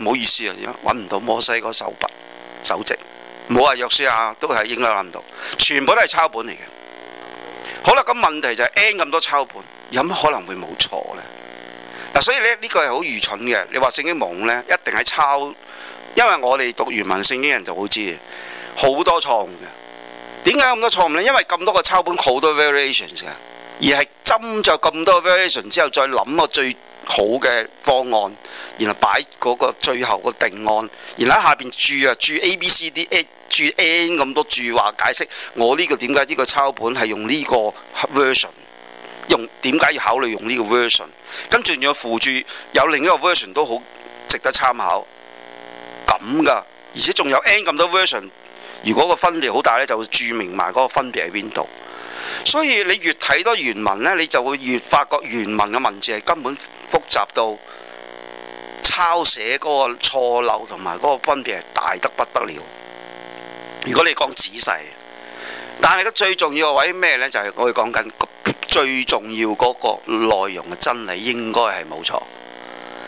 唔好意思啊，因為揾唔到摩西嗰手筆手跡。冇話約書亞都係應該揾唔到，全部都係抄本嚟嘅。好啦，咁問題就係、是、N 咁多抄本，有乜可能會冇錯呢？嗱、啊，所以咧呢、呢個係好愚蠢嘅。你話聖經謾呢，一定係抄，因為我哋讀原文聖經人就會知，好多錯誤嘅。點解咁多錯誤呢？因為咁多個抄本好多 variations 嘅，而係斟咗咁多 variation 之後再諗個最好嘅方案，然後擺嗰個最後個定案，然後喺下邊注啊注 A B C D A 註 N 咁多注話解釋我呢個點解呢個抄本係用呢個 version，用點解要考慮用呢個 version，跟住仲要附註有另一個 version 都好值得參考，咁噶，而且仲有 N 咁多 version，如果個分別好大咧，就會注明埋嗰個分別喺邊度。所以你越睇多原文呢，你就會越發覺原文嘅文字係根本複雜到抄寫嗰個錯漏同埋嗰個分別係大得不得了。如果你講仔細，但係個最重要嘅位咩呢？就係、是、我哋講緊最重要嗰個內容嘅真理應該係冇錯，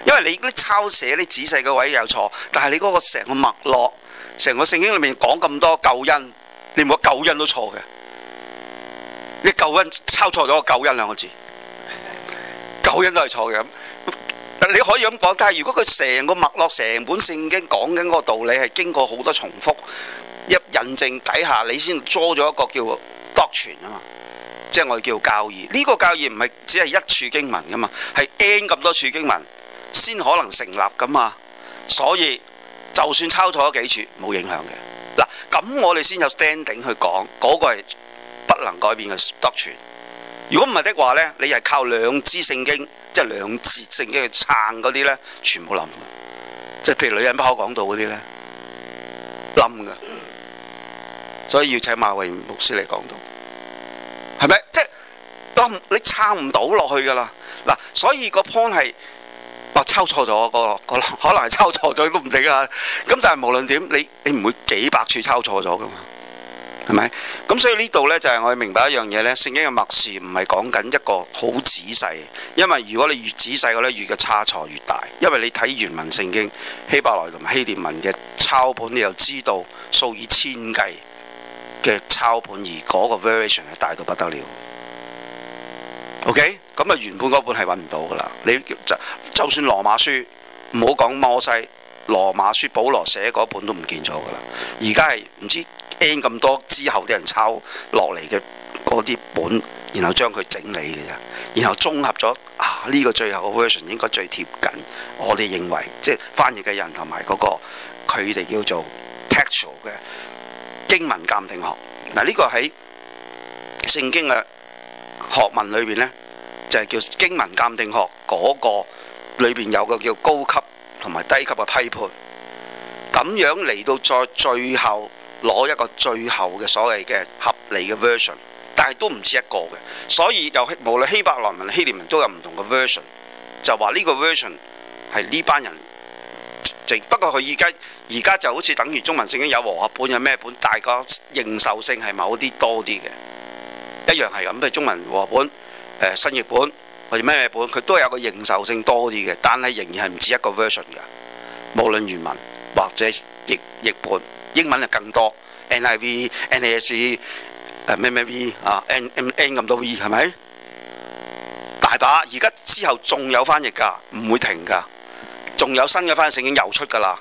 因為你啲抄寫啲仔細嘅位有錯，但係你嗰個成個脈絡，成個聖經裡面講咁多救恩，你唔好救恩都錯嘅。你救恩，抄錯咗個救恩兩個字，救恩都係錯嘅，你可以咁講，但係如果佢成個脈絡、成本聖經講緊嗰個道理係經過好多重複一印證底下，你先捉咗一個叫 doctrine 啊嘛，即係我哋叫教義。呢個教義唔係只係一處經文噶嘛，係 N 咁多處經文先可能成立噶嘛。所以就算抄錯咗幾處，冇影響嘅。嗱，咁我哋先有 standing 去講嗰個係不能改變嘅得傳。如果唔係的話呢，你係靠兩支聖經，即係兩支聖經去撐嗰啲呢，全部冧。即係譬如女人不可講道嗰啲呢，冧嘅。所以要請馬慧牧師嚟講道，係咪？即係當你撐唔到落去㗎啦。嗱，所以個 point 係話抄錯咗、嗰個、嗰個、可能係抄錯咗都唔定啊。咁但係無論點，你你唔會幾百處抄錯咗㗎嘛。係咪？咁所以呢度呢，就係、是、我哋明白一樣嘢咧。聖經嘅默示唔係講緊一個好仔細，因為如果你越仔細嘅咧，越嘅差錯越大。因為你睇原文聖經希伯來同希臘文嘅抄本，你又知道數以千計嘅抄本，而嗰個 variation 係大到不得了。OK，咁啊，原本嗰本係揾唔到噶啦。你就，就算羅馬書唔好講摩西，羅馬書保羅寫嗰本都唔見咗噶啦。而家係唔知。N 咁多之後啲人抄落嚟嘅嗰啲本，然後將佢整理嘅啫，然後綜合咗啊，呢個最後嘅 version 應該最貼近。我哋認為即係翻譯嘅人同埋嗰個佢哋叫做 textual 嘅經文鑑定學。嗱，呢個喺聖經嘅學問裏邊呢，就係叫經文鑑定學，嗰個裏邊有個叫高級同埋低級嘅批判，咁樣嚟到再最後。攞一個最後嘅所謂嘅合理嘅 version，但係都唔止一個嘅，所以就無論希伯來文、希臘文都有唔同嘅 version，就話呢個 version 係呢班人。不過佢而家而家就好似等於中文聖經有和合本有咩本，大家認受性係某啲多啲嘅，一樣係咁譬如中文和合本、誒新譯本或者咩本，佢都有個認受性多啲嘅，但係仍然係唔止一個 version 嘅，無論原文或者譯譯本。英文就更多，NIV、NASV、誒咩咩 V 啊，N、N、N 咁多 V 係咪？大把，而家之後仲有翻譯㗎，唔會停㗎，仲有新嘅翻譯聖經又出㗎啦。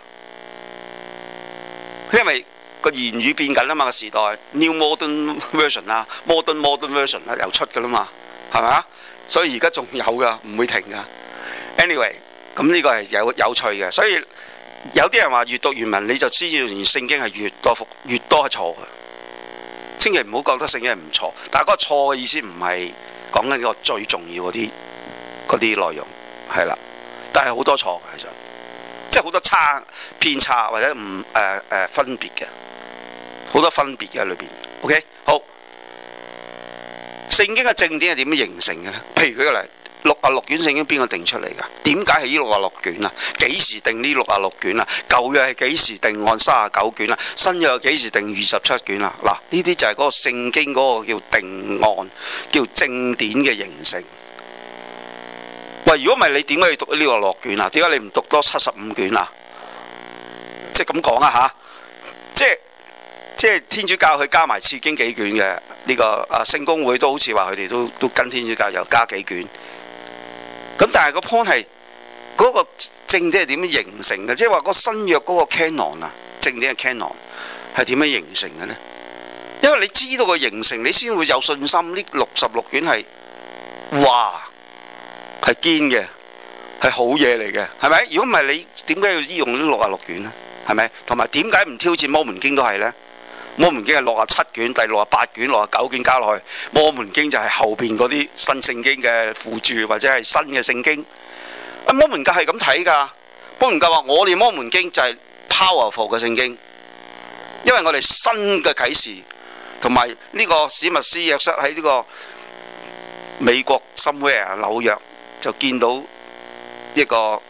因為個言語變緊啊嘛，個時代 New Modern Version 啊，Modern Modern Version 啊，又出㗎啦嘛，係咪啊？所以而家仲有㗎，唔會停㗎。Anyway，咁呢個係有有趣嘅，所以。有啲人話閱讀原文你就知道原聖經係越多錯越多係錯嘅，千祈唔好覺得聖經係唔錯。但係嗰個錯嘅意思唔係講緊嗰個最重要嗰啲嗰啲內容係啦，但係好多錯嘅，其實即係好多差偏差或者唔誒誒分別嘅，好多分別嘅裏邊。OK，好，聖經嘅正典係點樣形成嘅咧？譬如舉個例。六啊六卷聖經邊個定出嚟噶？點解係呢六啊六卷啊？幾時定呢六啊六卷啊？舊約係幾時定案三啊九卷啊？新約係幾時定二十七卷啊？嗱，呢啲就係嗰個聖經嗰個叫定案，叫正典嘅形成。喂，如果唔係你點解要讀呢六啊六卷啊？點解你唔讀多七十五卷啊？即係咁講啊吓，即係即係天主教佢加埋次經幾卷嘅呢個啊，聖公會都好似話佢哋都都跟天主教又加幾卷。咁但係個 point 係嗰個正典係點樣形成嘅？即係話個新約嗰個 canon 啊，正典嘅 canon 係點樣形成嘅咧？因為你知道個形成，你先會有信心呢六十六卷係哇係堅嘅，係好嘢嚟嘅，係咪？如果唔係，你點解要用呢六啊六卷咧？係咪？同埋點解唔挑戰摩門經都係咧？摩門經係六十七卷、第六十八卷、六十九卷加落去，摩門經就係後邊嗰啲新聖經嘅附注或者係新嘅聖經。啊，摩門教係咁睇噶，摩門教話我哋摩門經就係 powerful 嘅聖經，因為我哋新嘅啟示同埋呢個史密斯約瑟喺呢個美國新澤紐約就見到一個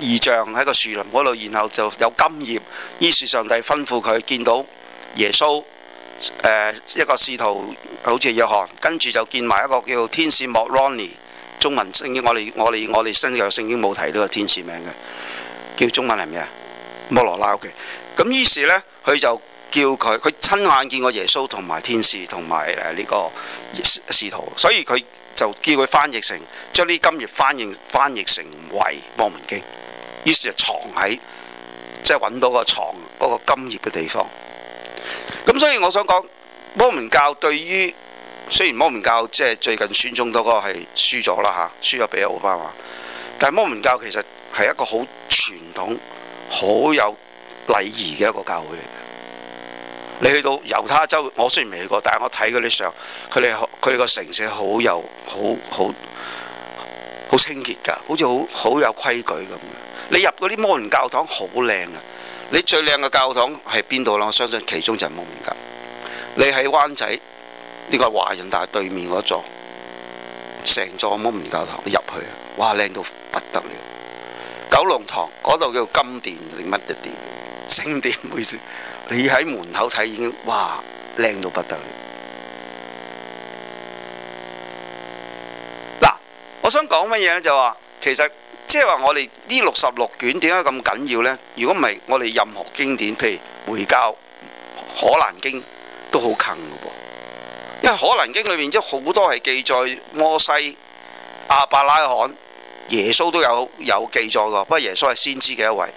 異象喺個樹林嗰度，然後就有金葉，於是上帝吩咐佢見到。耶穌誒、呃、一個使徒，好似約翰，跟住就見埋一個叫天使莫羅尼，中文聖經，我哋我哋我哋新約聖經冇提呢個天使名嘅，叫中文係咩啊？莫羅拉嘅。咁、okay。於是呢，佢就叫佢，佢親眼見過耶穌同埋天使同埋誒呢個使使徒，所以佢就叫佢翻譯成將啲金葉翻譯翻譯成為摩門經，於是就藏喺即係揾到個藏嗰個金葉嘅地方。咁所以我想講，摩門教對於雖然摩門教即係最近選中嗰個係輸咗啦吓，輸咗俾奧巴馬，但係摩門教其實係一個好傳統、好有禮儀嘅一個教會嚟。你去到猶他州，我雖然未去過，但係我睇嗰啲相，佢哋佢哋個城市好有好好好清潔噶，好似好好有規矩咁。你入嗰啲摩門教堂好靚啊！你最靚嘅教堂係邊度啦？我相信其中就係摩門教。你喺灣仔呢、這個華仁大對面嗰座，成座摩門教堂你入去，哇靚到不得了！九龍塘嗰度叫金殿定乜嘢殿？聖殿，唔好意思。你喺門口睇已經，哇靚到不得了！嗱，我想講乜嘢咧？就話其實。即係話我哋呢六十六卷點解咁緊要呢？如果唔係，我哋任何經典，譬如《回教可蘭經》，都好近嘅喎。因為《可蘭經》裏面即好多係記載摩西、阿伯拉罕、耶穌都有有記載嘅。不過耶穌係先知嘅一位，《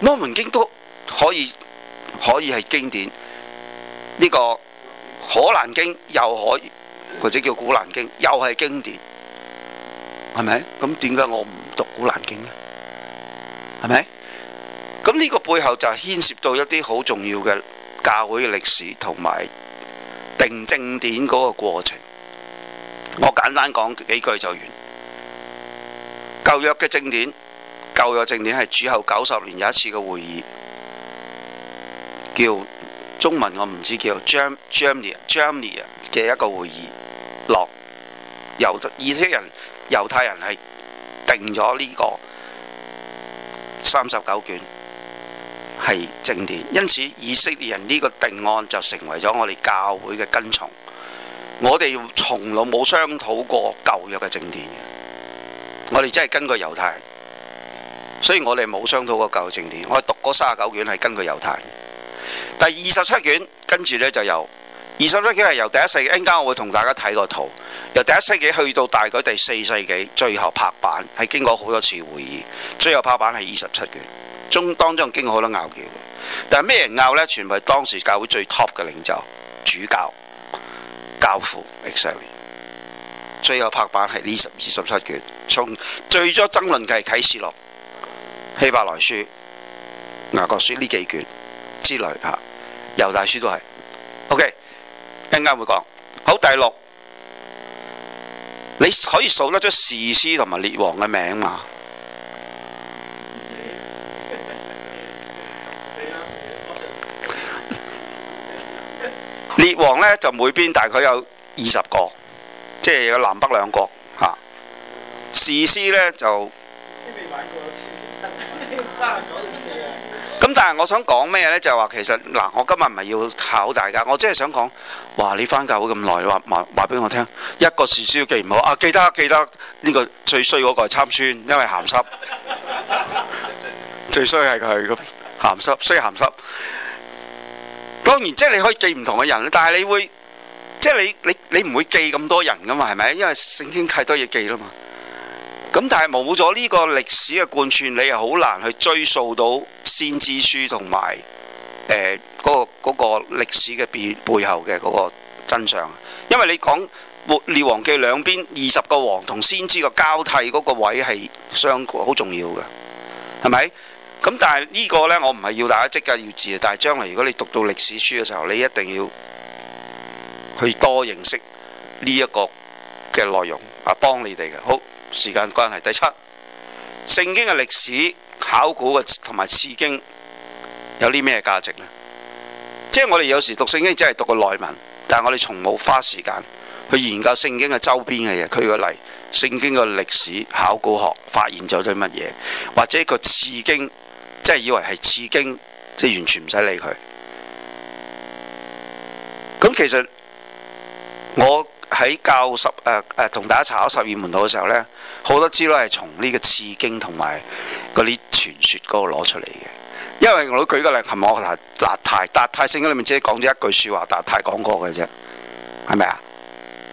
摩門經》都可以可以係經典。呢個《可蘭經》又可以或者叫《古蘭經》，又係經典。係咪？咁點解我唔讀《古蘭經》呢咧？係咪？咁呢個背後就牽涉到一啲好重要嘅教會歷史同埋定正典嗰個過程。我簡單講幾句就完。舊約嘅正典，舊約正典係主後九十年有一次嘅會議，叫中文我唔知叫 Jam, Jamnia, Jamnia 嘅一個會議，落由以色列人。猶太人係定咗呢個三十九卷係正典，因此以色列人呢個定案就成為咗我哋教會嘅跟從。我哋從來冇商討過舊約嘅正典，我哋真係根據猶太，所以我哋冇商討過舊約正典。我哋讀過三十九卷係根據猶太第，第二十七卷跟住呢就由。二十七卷係由第一世紀，等陣間我會同大家睇個圖。由第一世紀去到大概第四世紀，最後拍板係經過好多次會議，最後拍板係二十七卷中，當中經過好多拗撬。但係咩人拗呢？全部係當時教會最 top 嘅領袖、主教教父。Excellent，最後拍板係呢二十七卷，從最早爭論嘅係啟示錄、希伯來書、雅各書呢幾卷，之內拍猶大書都係 OK。陣間會講好第六，你可以數得出士師同埋列王嘅名嘛？列、嗯、王呢，就每邊，大概有二十個，即係有南北兩國嚇。士師呢，就。咁但係我想講咩呢？就係、是、話其實嗱，我今日唔係要考大家，我真係想講話你翻教會咁耐，話話俾我聽，一個事需要記唔好啊？記得記得，呢、這個最衰嗰個係參孫，因為鹹濕，最衰係佢鹹濕，衰鹹濕。當然即係你可以記唔同嘅人，但係你會即係你你唔會記咁多人噶嘛？係咪？因為聖經太多嘢記喇嘛。咁但係冇咗呢個歷史嘅貫穿，你又好難去追溯到先知書同埋誒嗰個嗰、嗰個、歷史嘅背背後嘅嗰個真相。因為你講《列王記》兩邊二十個王同先知嘅交替嗰個位係相好重要嘅，係咪？咁但係呢個呢，我唔係要大家即刻要知，但係將來如果你讀到歷史書嘅時候，你一定要去多認識呢一個嘅內容啊，幫你哋嘅，好。時間關係，第七聖經嘅歷史考古嘅同埋次經有啲咩價值呢？即係我哋有時讀聖經只係讀個內文，但我哋從冇花時間去研究聖經嘅周邊嘅嘢。譬如個例，聖經嘅歷史考古學發現咗啲乜嘢，或者個次經，即係以為係次經，即係完全唔使理佢。咁其實我喺教十誒誒同大家查考十二門徒嘅時候呢。好多資料係從呢個《次經》同埋嗰啲傳説嗰度攞出嚟嘅，因為我舉個例，琴咪我嗱達太？達太聖經裏面只係講咗一句説話，達太講過嘅啫，係咪啊？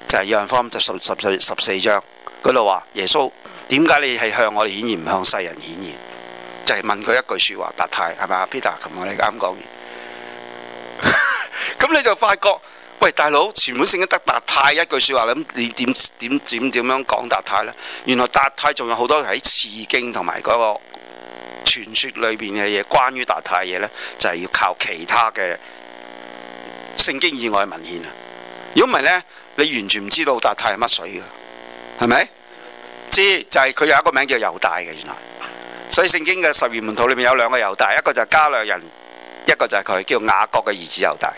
就係、是《約翰福音》就十十十十四章嗰度話耶穌點解你係向我哋顯現，唔向世人顯現？就係、是、問佢一句説話，達太係咪啊？Peter 琴咁樣啱講完，咁 你就發覺。喂，大佬，全本聖經得達太一句説話咁，你點點點點樣講達太呢？原來達太仲有好多喺次經同埋嗰個傳説裏邊嘅嘢，關於達太嘢呢，就係要靠其他嘅聖經以外文獻啊！如果唔係呢，你完全唔知道達太係乜水嘅，係咪？即就係佢有一個名叫猶大嘅，原來。所以聖經嘅十二門徒裏面有兩個猶大，一個就係加略人，一個就係佢，叫雅各嘅兒子猶大。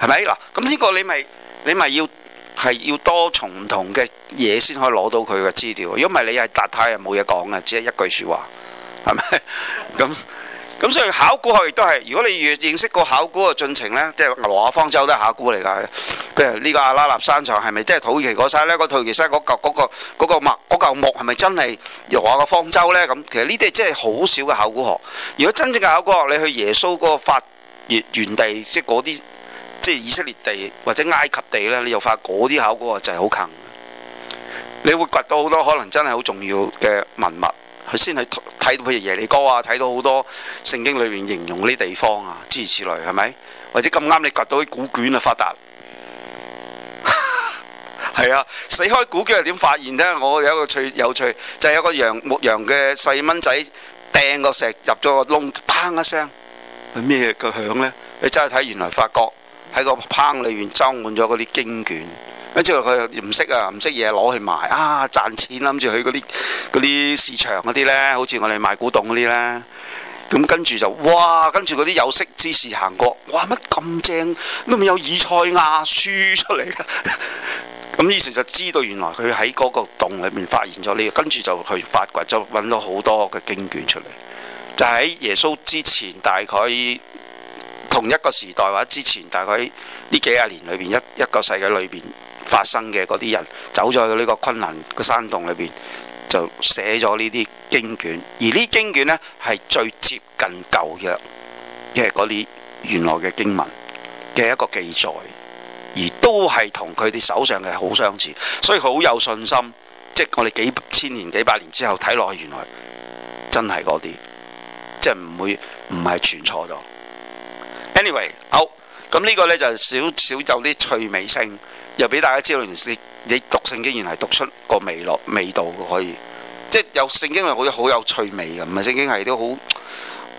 係咪嗱？咁呢個你咪你咪要係要多重同嘅嘢先可以攞到佢嘅資料。如果唔係你係達太，係冇嘢講嘅，只係一句説話係咪？咁咁所以考古學亦都係，如果你越認識個考古嘅進程咧，即係《諾亞方舟》都係考古嚟㗎。譬如呢個阿拉納山場係咪即係土耳其嗰山咧？嗰、嗰個、土耳其山嗰嚿嗰個嗰、嗰個嗰個、木嗰係咪真係諾亞嘅方舟咧？咁其實呢啲即係好少嘅考古學。如果真正嘅考古學，你去耶穌嗰個發源地，即係嗰啲。即係以色列地或者埃及地呢，你又發覺嗰啲考古就係好近。你會掘到好多可能真係好重要嘅文物，佢先係睇到譬如耶利哥啊，睇到好多聖經裏面形容啲地方啊，諸如此類係咪？或者咁啱你掘到啲古卷啊，發達係 啊，死海古卷又點發現呢？我有一個趣有趣就係、是、有一個羊牧羊嘅細蚊仔掟個石入咗個窿，砰一聲係咩嘅響呢？你真係睇原來發覺。喺個坑裏面裝滿咗嗰啲經卷，跟住佢唔識啊，唔識嘢攞去賣，啊賺錢啦，諗住去嗰啲啲市場嗰啲呢，好似我哋賣古董嗰啲呢。咁跟住就哇，跟住嗰啲有識之士行過，哇乜咁正，都未有以賽亞書出嚟嘅，咁於是就知道原來佢喺嗰個洞裏面發現咗呢、這個，跟住就去發掘，咗，揾到好多嘅經卷出嚟，就喺、是、耶穌之前大概，同一個時代或者之前，大概呢幾廿年裏邊一一個世界裏邊發生嘅嗰啲人，走咗去呢個昆蘭個山洞裏邊，就寫咗呢啲經卷。而呢經卷呢，係最接近舊約嘅嗰啲原來嘅經文嘅一個記載，而都係同佢哋手上嘅好相似，所以好有信心。即係我哋幾千年幾百年之後睇落去，原來真係嗰啲，即係唔會唔係傳錯咗。Anyway 好咁呢、呢個呢就少少有啲趣味性，又俾大家知道你你讀聖經係讀出個味落味道嘅，可以，即係有聖經係好有好有趣味嘅，唔係聖經係啲好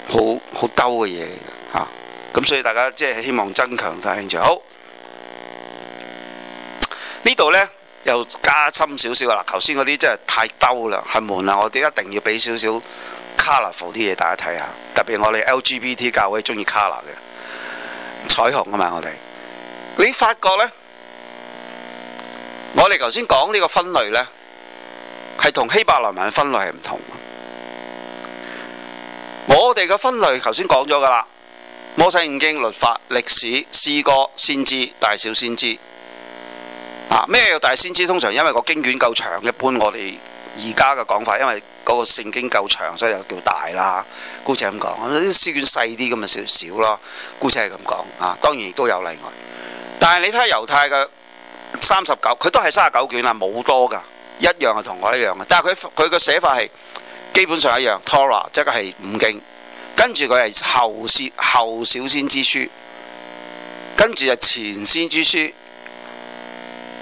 好好兜嘅嘢嚟嘅嚇。咁、啊、所以大家即係希望增強大家興趣。好，呢度呢又加深少少啦。頭先嗰啲真係太兜啦，係悶嗱，我哋一定要俾少少 colorful 啲嘢大家睇下，特別我哋 LGBT 教會中意 color 嘅。彩虹啊嘛，我哋你發覺呢？我哋頭先講呢個分類呢，係同希伯來文嘅分類係唔同。我哋嘅分類頭先講咗噶啦，摩西五經、律法、歷史、詩歌、先知、大小先知啊，咩叫大先知？通常因為個經卷夠長，一般我哋而家嘅講法，因為。嗰個聖經夠長，所以又叫大啦。姑且咁講，啲書卷細啲咁咪少少咯。姑且係咁講嚇，當然亦都有例外。但係你睇下猶太嘅三十九，佢都係三十九卷啊，冇多㗎，一樣係同我一樣嘅。但係佢佢嘅寫法係基本上一樣，Tora 即係五經，跟住佢係後先後小先之書，跟住就前先之書，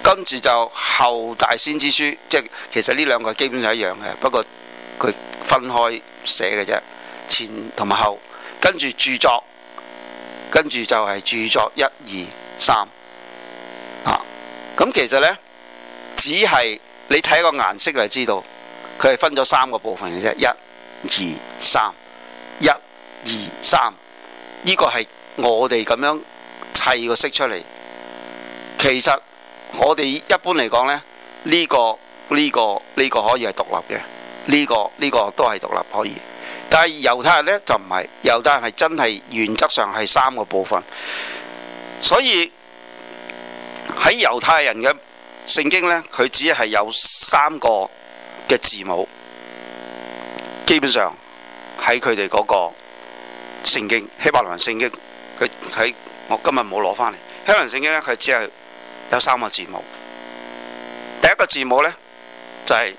跟住就後大先之書。即係其實呢兩個基本上一樣嘅，不過。佢分開寫嘅啫，前同埋後，跟住著，著，著作，跟住就係著作一二三咁、啊嗯、其實呢，只係你睇個顏色就知道佢係分咗三個部分嘅啫，一、二、三，一、二、三。呢個係我哋咁樣砌個色出嚟。其實我哋一般嚟講呢，呢、呢個呢、呢個呢、呢個可以係獨立嘅。呢、這個呢、這個都係獨立可以，但係猶太人呢就唔係。猶太人係真係原則上係三個部分，所以喺猶太人嘅聖經呢，佢只係有三個嘅字母。基本上喺佢哋嗰個聖經，希伯來文聖經，佢喺我今日冇攞翻嚟希伯來文聖經呢，佢只係有三個字母。第一個字母呢，就係、是、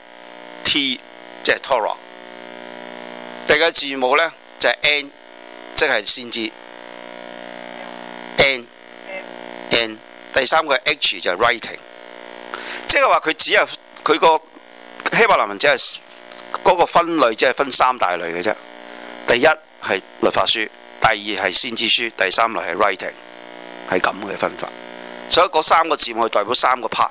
T。即係 Torah，第個字母咧就係、是、N，即係先知。N N. N 第三個 H 就係 writing，即係話佢只有佢個希伯來文只、就、係、是嗰個分類即係分三大類嘅啫。第一係律法書，第二係先知書，第三類係 writing，係咁嘅分法。所以三個字母去代表三個 part。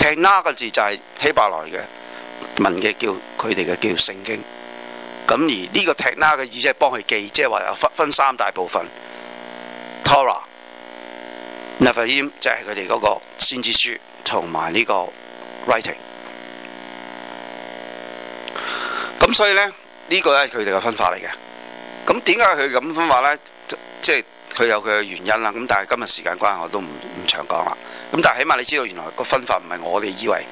Tanakh 個字就係希伯來嘅文嘅，叫佢哋嘅叫聖經。咁而呢個 Tanakh 嘅意思係幫佢記，即係話分分三大部分 Tora、Nevi'im 即係佢哋嗰個先知書同埋呢個 Writing。咁所以咧呢、呢個咧係佢哋嘅分法嚟嘅。咁點解佢咁分法咧？佢有佢嘅原因啦，咁但係今日時間關係，我都唔唔長講啦。咁但係起碼你知道原來個分法唔係我哋以為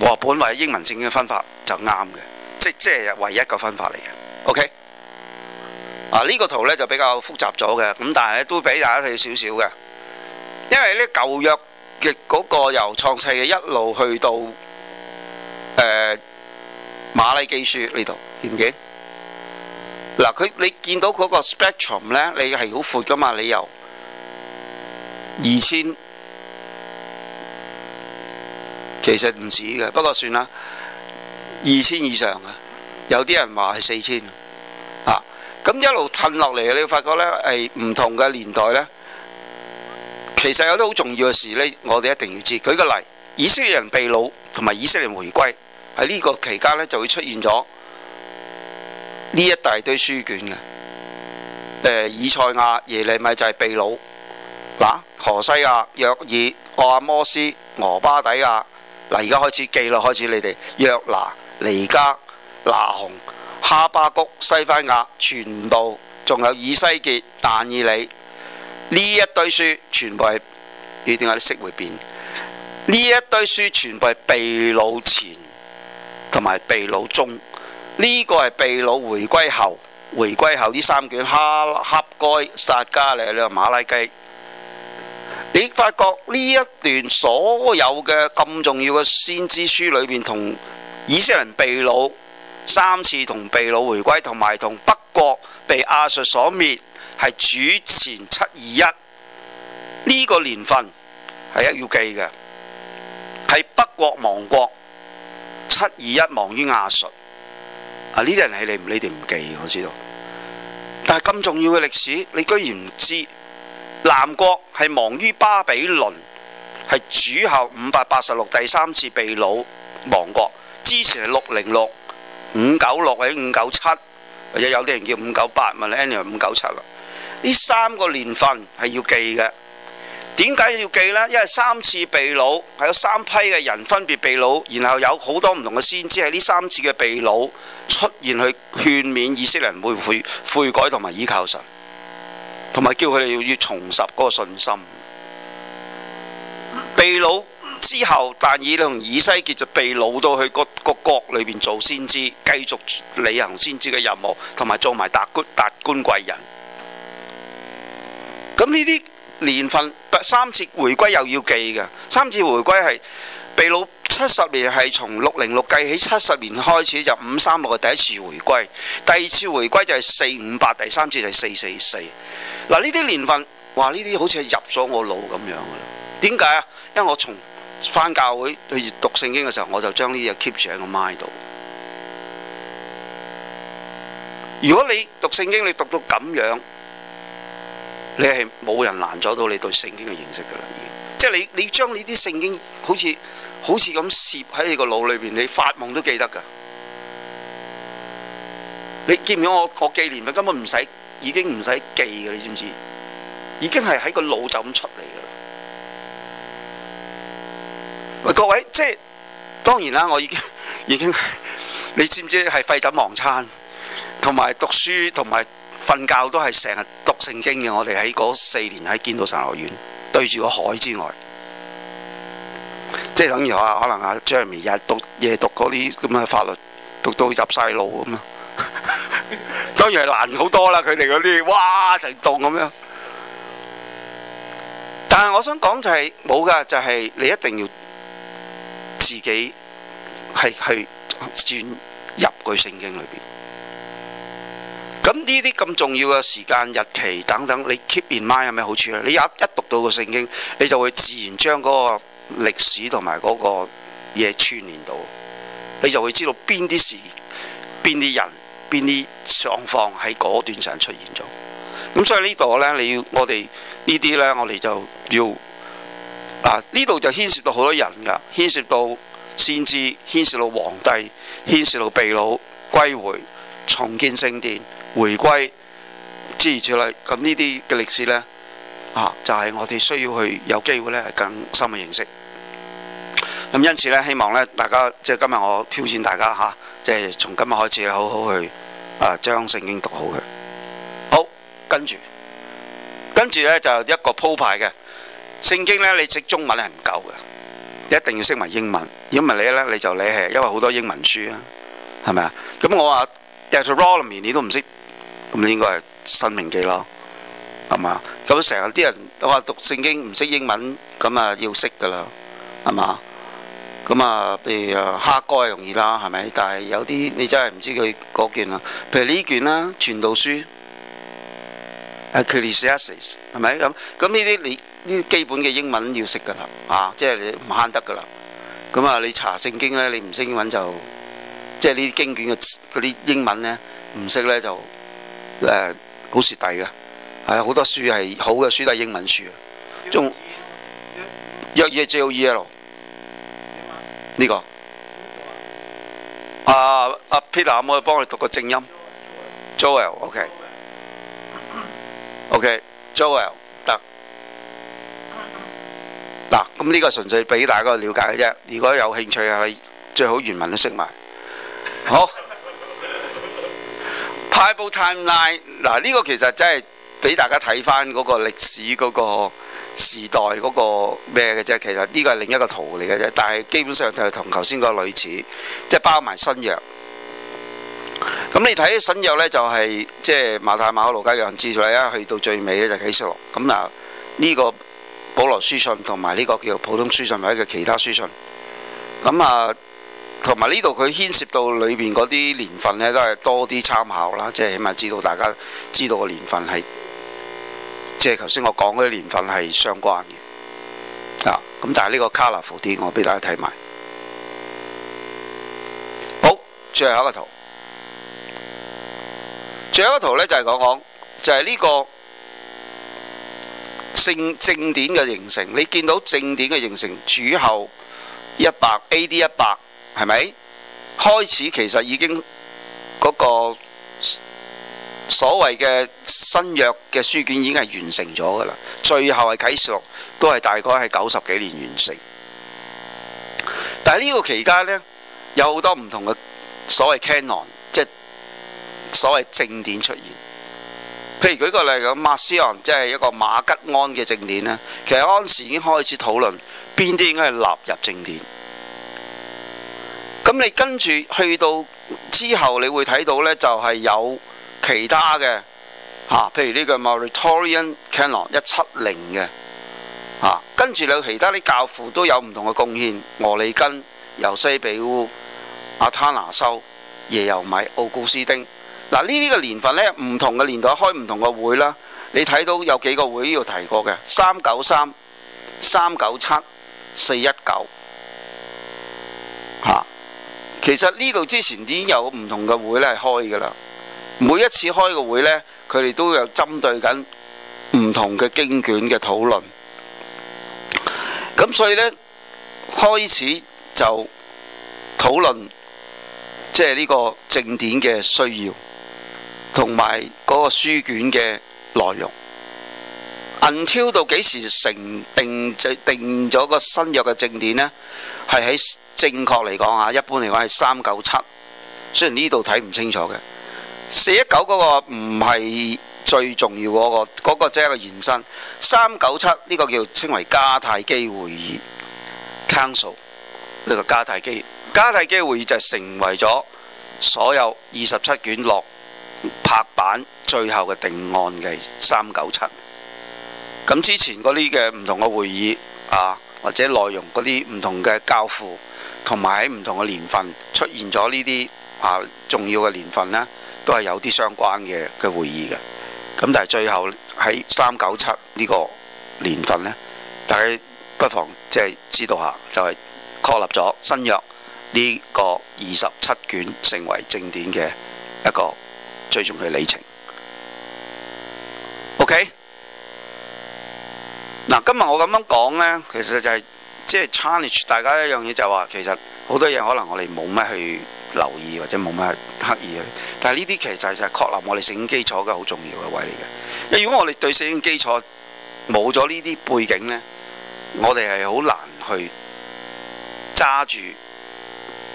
和本為英文正嘅分法就啱嘅，即即係唯一個分法嚟嘅。OK，啊呢個圖咧就比較複雜咗嘅，咁但係咧都俾大家睇少少嘅，因為呢舊約嘅嗰個由創世嘅一路去到誒瑪拉基書呢度，記唔記得？嗱，佢你見到嗰個 spectrum 咧，你係好闊㗎嘛？你由二千，其實唔止嘅，不過算啦，二千以上嘅，有啲人話係四千啊。咁一路褪落嚟，你會發覺咧，係唔同嘅年代咧，其實有啲好重要嘅事咧，我哋一定要知。舉個例，以色列人被擄同埋以色列回歸喺呢個期間咧，就會出現咗。呢一大堆書卷嘅，誒以賽亞、耶利米，就係秘魯嗱，何西亞、約珥、阿摩斯、俄巴底亞嗱，而家開始記啦，錄開始你哋、約拿、尼加、拿紅、哈巴谷、西番雅全部，仲有以西結、但以理。呢一堆書全部係你點解啲色會變，呢一堆書全部係秘魯前同埋秘魯中。呢個係秘魯回歸後，回歸後呢三卷哈、哈該、撒加利亞、馬拉基，你發覺呢一段所有嘅咁重要嘅先知書裏邊，同以色列人秘魯三次同秘魯回歸，同埋同北國被亞述所滅，係主前七二一，呢個年份係一要記嘅，係北國亡國七二一亡於亞述。啊！呢啲人係你你哋唔記，我知道。但係咁重要嘅歷史，你居然唔知？南國係亡於巴比倫，係主後五百八十六第三次被擄亡國。之前係六零六、五九六或者五九七，或者有啲人叫五九八。問 a n n i 五九七啦。呢三個年份係要記嘅。點解要記呢？因為三次被擄係有三批嘅人分別被擄，然後有好多唔同嘅先知係呢三次嘅被擄出現去勸勉以色列人唔會悔改同埋依靠神，同埋叫佢哋要重拾嗰個信心。被擄之後，但以理同以西結就被擄到去個個國裏邊做先知，繼續履行先知嘅任務，同埋做埋達官達官貴人。咁呢啲。年份第三次回歸又要記嘅，三次回歸係被擄七十年係從六零六計起，七十年開始就五三六嘅第一次回歸，第二次回歸就係四五八，第三次就係四四四。嗱，呢啲年份話呢啲好似係入咗我腦咁樣嘅啦，點解啊？因為我從返教會去讀聖經嘅時候，我就將呢啲嘢 keep 住喺個 mind 度。如果你讀聖經，你讀到咁樣。你係冇人攔阻到你對聖經嘅認識㗎啦，已經。即係你，你將呢啲聖經好似好似咁攝喺你個腦裏邊，你發夢都記得㗎。你見唔見我過幾年，根本唔使，已經唔使記㗎，你知唔知？已經係喺個腦就咁出嚟㗎啦。喂，各位，即係當然啦，我已經已經，你知唔知係廢寢忘餐，同埋讀書，同埋。瞓覺都係成日讀聖經嘅，我哋喺嗰四年喺堅道神學院對住個海之外，即係等於話可能阿 Jeremy 日讀夜讀嗰啲咁嘅法律，讀到入曬腦咁樣！當然係難好多啦，佢哋嗰啲哇就讀咁樣。但係我想講就係冇㗎，就係你一定要自己係去轉入個聖經裏邊。咁呢啲咁重要嘅時間日期等等，你 keep in mind 有咩好處啊？你一一讀到個聖經，你就會自然將嗰個歷史同埋嗰個嘢串聯到，你就會知道邊啲事、邊啲人、邊啲狀況喺嗰段時間上出現咗。咁所以呢度呢，你要我哋呢啲呢，我哋就要嗱呢度就牽涉到好多人㗎，牽涉到先知，牽涉到皇帝，牽涉到被擄歸回重建聖殿。回歸之處咧，咁呢啲嘅歷史咧，啊，就係我哋需要去有機會咧，係更深嘅認識。咁因此咧，希望咧大家即係今日我挑戰大家嚇，即係從今日開始好好去啊，將聖經讀好佢。好，跟住跟住咧就一個鋪排嘅聖經咧，你識中文係唔夠嘅，一定要識埋英文。如果唔係你咧，你就你係因為好多英文書啊，係咪啊？咁我話 Deuteronomy 你都唔識。咁應該係《申命記》咯，係嘛？咁成日啲人話讀聖經唔識英文，咁啊要識噶啦，係嘛？咁啊，譬如啊，哈哥啊容易啦，係咪？但係有啲你真係唔知佢嗰卷啊。譬如呢卷啦，《傳道書》啊，《Ecclesiastes》，係咪咁？咁呢啲你呢啲基本嘅英文要識噶啦，啊，即係唔慳得噶啦。咁啊，你查聖經咧，你唔識英文就即係呢啲經卷嘅啲英文咧，唔識咧就。誒好蝕底嘅，係啊，uh，好多書係好嘅書都係英文書，仲一 Joel 呢個阿啊 Peter，可唔可以幫我讀個正音 Joel？OK OK Joel 得嗱。咁呢個純粹俾大家了解嘅啫，如果有興趣，你最好原文都識埋。《Bible Timeline》嗱，呢個其實真係俾大家睇翻嗰個歷史、嗰、嗰個時代、嗰、嗰個咩嘅啫。其實呢個係另一個圖嚟嘅啫，但係基本上就係同頭先個類似，即係包埋新約。咁你睇新約呢，就係、係、即係馬太、馬可、路、啊、加、約翰之類啦。去到最尾呢，就啟示錄。咁嗱，呢個保羅書信同埋呢個叫普通書信或者叫其他書信。咁啊。同埋呢度佢牽涉到裏邊嗰啲年份呢，都係多啲參考啦。即係起碼知道大家知道個年份係即係頭先我講嗰啲年份係相關嘅咁、啊、但係呢個 colourful 啲，我俾大家睇埋。好，最後一個圖，最後一個圖呢，就係講講就係呢個正正典嘅形成。你見到正典嘅形成主後一百 A.D. 一百。係咪？開始其實已經嗰個所謂嘅新約嘅書卷已經係完成咗㗎啦。最後係啟示錄都係大概係九十幾年完成。但係呢個期間呢，有好多唔同嘅所謂 Canon，即係所謂正典出現。譬如舉個例咁，Marcion，即係一個馬吉安嘅正典呢，其實嗰時已經開始討論邊啲應該係納入正典。咁你跟住去到之後，你會睇到呢就係、是、有其他嘅嚇、啊，譬如呢個 Muratorian Canon 一七、啊、零嘅，跟住有其他啲教父都有唔同嘅貢獻，俄里根、尤西比烏、阿塔納修、耶柔米、奧古斯丁嗱。呢啲嘅年份呢，唔同嘅年代開唔同嘅會啦。你睇到有幾個會要提過嘅三九三、三九七、四一九嚇。其實呢度之前已經有唔同嘅會咧，係開嘅啦。每一次開個會咧，佢哋都有針對緊唔同嘅經卷嘅討論。咁所以咧，開始就討論即係呢個正典嘅需要，同埋嗰個書卷嘅內容。Until 到幾時成定就定咗個新約嘅正典呢？係喺正確嚟講嚇，一般嚟講係三九七。雖然呢度睇唔清楚嘅，四一九嗰個唔係最重要嗰、那個，嗰、那個即係一個延伸。三九七呢個叫稱為加泰基會議 （Council），呢個加泰基。加泰基會議就成為咗所有二十七卷落拍版最後嘅定案嘅三九七。咁之前嗰啲嘅唔同嘅會議啊。或者內容嗰啲唔同嘅教父，同埋喺唔同嘅年份出現咗呢啲啊重要嘅年份呢，都係有啲相關嘅嘅會議嘅。咁但係最後喺三九七呢個年份呢，大家不妨即係知道下，就係、是、確立咗新約呢個二十七卷成為正典嘅一個最重要嘅里程。OK。嗱，今日我咁樣講呢，其實就係即係 challenge 大家一樣嘢，就係話其實好多嘢可能我哋冇乜去留意，或者冇乜刻意去。但係呢啲其實就係確立我哋聖經基礎嘅好重要嘅位嚟嘅。因為如果我哋對聖經基礎冇咗呢啲背景呢，我哋係好難去揸住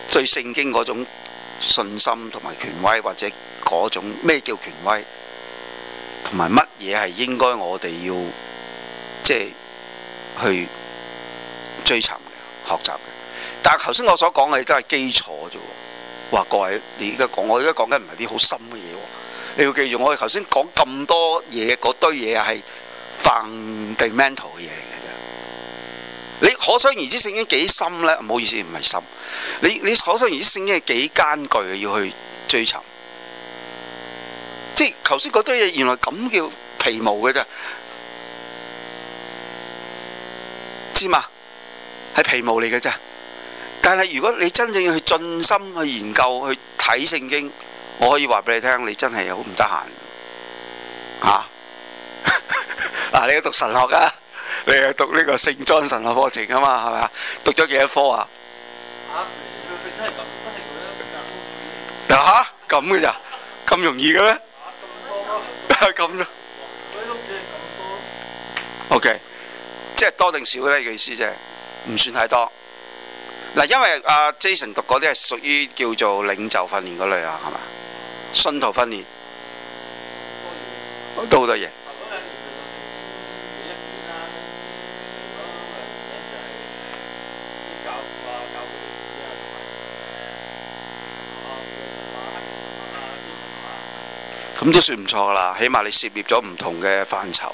對聖經嗰種信心同埋權威，或者嗰種咩叫權威，同埋乜嘢係應該我哋要。即係去追尋、學習嘅。但係頭先我所講嘅都係基礎啫。話各位，你依家講，我而家講緊唔係啲好深嘅嘢。你要記住，我哋頭先講咁多嘢，嗰堆嘢係 fundamental 嘅嘢嚟嘅啫。你可想而知聖經幾深咧？唔好意思，唔係深。你你可想而知聖經係幾艱巨要去追尋。即係頭先嗰堆嘢，原來咁叫皮毛嘅啫。知嘛？係皮毛嚟嘅啫。但係如果你真正要去盡心去研究、去睇聖經，我可以話俾你聽，你真係好唔得閒。吓？嗱，你要讀神學噶，你係讀呢個聖莊神學課程啊嘛，係咪啊？讀咗幾多科啊？吓？咁嘅咋？咁容易嘅咩？咁咯。O.K. 即係多定少咧？你嘅意思即係唔算太多。嗱，因為阿 Jason 讀嗰啲係屬於叫做領袖訓練嗰類啊，係嘛？信徒訓練都好多嘢。咁都算唔錯啦，起碼你涉獵咗唔同嘅範疇。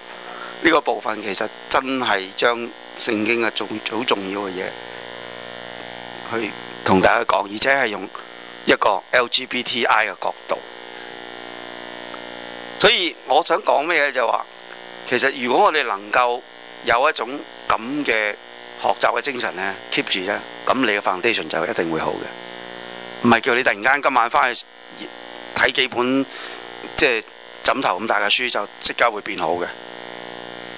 呢個部分其實真係將聖經嘅重好重要嘅嘢去同大家講，而且係用一個 LGBTI 嘅角度。所以我想講咩嘢就話，其實如果我哋能夠有一種咁嘅學習嘅精神呢，keep 住呢，咁你嘅 foundation 就一定會好嘅。唔係叫你突然間今晚翻去睇幾本即係枕頭咁大嘅書，就即刻會變好嘅。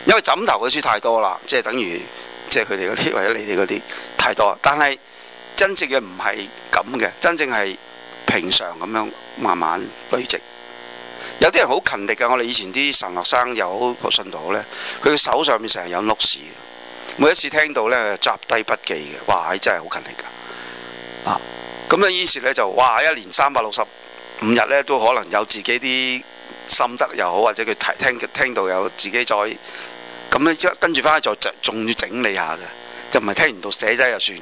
因為枕頭嘅書太多啦，即係等於即係佢哋嗰啲或者你哋嗰啲太多。但係真正嘅唔係咁嘅，真正係平常咁樣慢慢累積。有啲人好勤力㗎，我哋以前啲神學生又好信道咧，佢嘅手上面成日有碌屎，每一次聽到咧，執低筆記嘅，哇！真係好勤力㗎。啊，咁咧於是咧就哇，一年三百六十五日咧都可能有自己啲心得又好，或者佢提聽聽，聽到有自己再。咁咧，即係跟住翻去就仲要整理下嘅，就唔係聽唔到寫仔，就算嘅。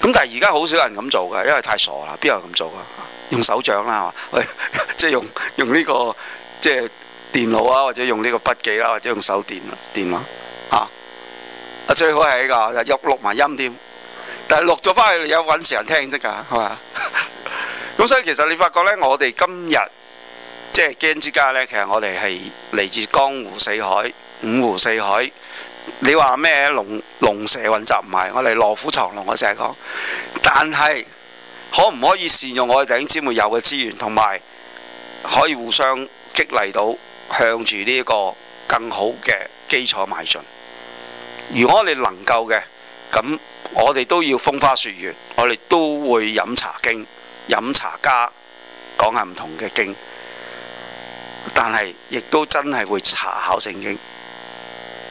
咁但係而家好少人咁做嘅，因為太傻啦，邊有人咁做啊？用手掌啦，係嘛？即係用用呢個即係電腦啊，或者用呢個筆記啦，或者用手電電話嚇啊！最好係呢個又錄埋音添，但係錄咗翻去你有揾時間聽啫㗎，係嘛？咁所以其實你發覺咧，我哋今日即係基恩之家咧，其實我哋係嚟自江湖四海。五湖四海，你話咩龍龍蛇混雜？唔係，我哋臥虎藏龍，我成日講。但係可唔可以善用我哋頂尖會有嘅資源，同埋可以互相激勵到向住呢個更好嘅基礎邁進。如果你能夠嘅，咁我哋都要風花雪月，我哋都會飲茶經、飲茶家講下唔同嘅經，但係亦都真係會查考聖經。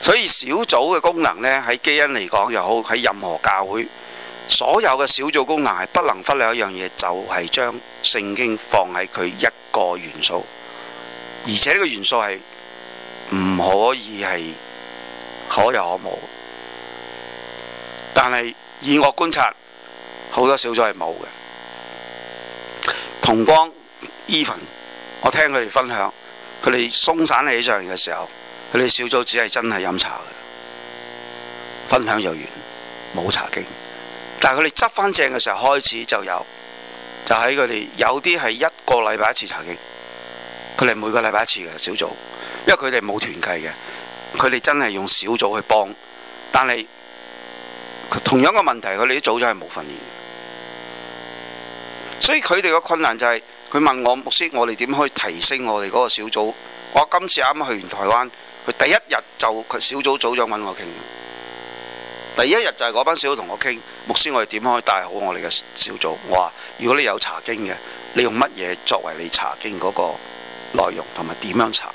所以小組嘅功能呢，喺基因嚟講又好，喺任何教會所有嘅小組功能係不能忽略一樣嘢，就係將聖經放喺佢一個元素，而且呢個元素係唔可以係可有可冇。但係以我觀察，好多小組係冇嘅。同光 Even，我聽佢哋分享，佢哋鬆散起上嚟嘅時候。佢哋小組只係真係飲茶嘅，分享又完冇查經。但係佢哋執返正嘅時候開始就有，就喺佢哋有啲係一個禮拜一次查經。佢哋每個禮拜一次嘅小組，因為佢哋冇團契嘅，佢哋真係用小組去幫。但係同樣嘅問題，佢哋啲組長係冇訓練嘅，所以佢哋個困難就係佢問我牧師，我哋點可以提升我哋嗰個小組？我今次啱啱去完台灣。佢第一日就佢小組組長揾我傾。第一日就係嗰班小組同我傾，牧師，我哋點可以帶好我哋嘅小組？我話如果你有查經嘅，你用乜嘢作為你查經嗰個內容同埋點樣查？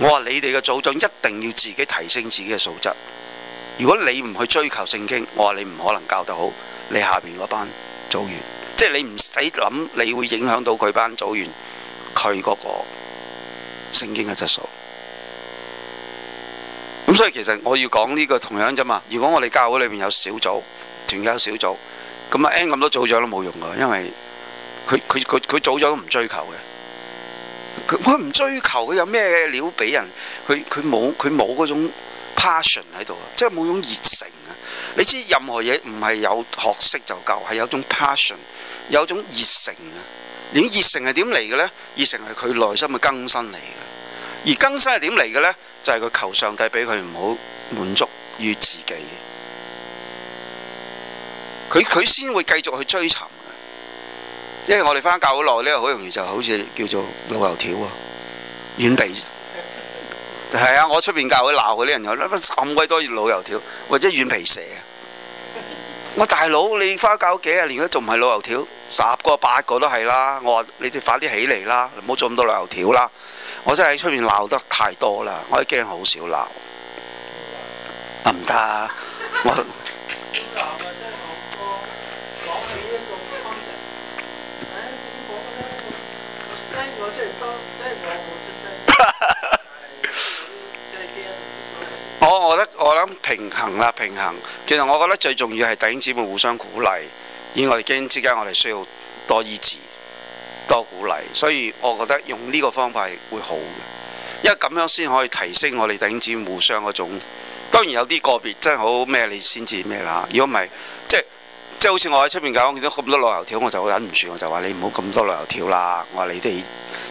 我話你哋嘅組長一定要自己提升自己嘅素質，如果你唔去追求聖經，我話你唔可能教得好你下邊嗰班組員，即係你唔使諗你會影響到佢班組員，佢嗰個。聖經嘅質素。咁所以其實我要講呢個同樣啫嘛。如果我哋教會裏面有小組、團友小組，咁啊 N 咁多組長都冇用㗎，因為佢佢佢佢組長都唔追求嘅。佢唔追求，佢有咩料俾人？佢佢冇佢冇嗰種 passion 喺度啊，即係冇種熱誠啊。你知任何嘢唔係有學識就夠，係有種 passion，有種熱誠啊。點熱誠係點嚟嘅呢？熱誠係佢內心嘅更新嚟嘅，而更新係點嚟嘅呢？就係佢求上帝俾佢唔好滿足於自己，佢佢先會繼續去追尋嘅。因為我哋翻教好耐呢，好容易就好似叫做老油條啊。軟皮係啊！我出邊教佢鬧佢啲人，又乜咁鬼多老油條或者軟皮蛇啊！我大佬，你花搞幾廿年都仲唔係老油條？十個八個都係啦。我話你哋快啲起嚟啦，唔好做咁多老油條啦。我真係喺出面鬧得太多啦，我已經好少鬧，唔得，啊，我。 我覺得我諗平衡啦，平衡。其實我覺得最重要係弟兄姊妹互相鼓勵。而我哋弟兄之間，我哋需要多醫治、多鼓勵。所以，我覺得用呢個方法係會好嘅，因為咁樣先可以提升我哋弟兄姊妹互相嗰種。當然有啲個別真係好咩，你先至咩啦。如果唔係，即即好似我喺出邊搞，見到咁多老油條，我就忍唔住，我就話你唔好咁多老油條啦。我話你哋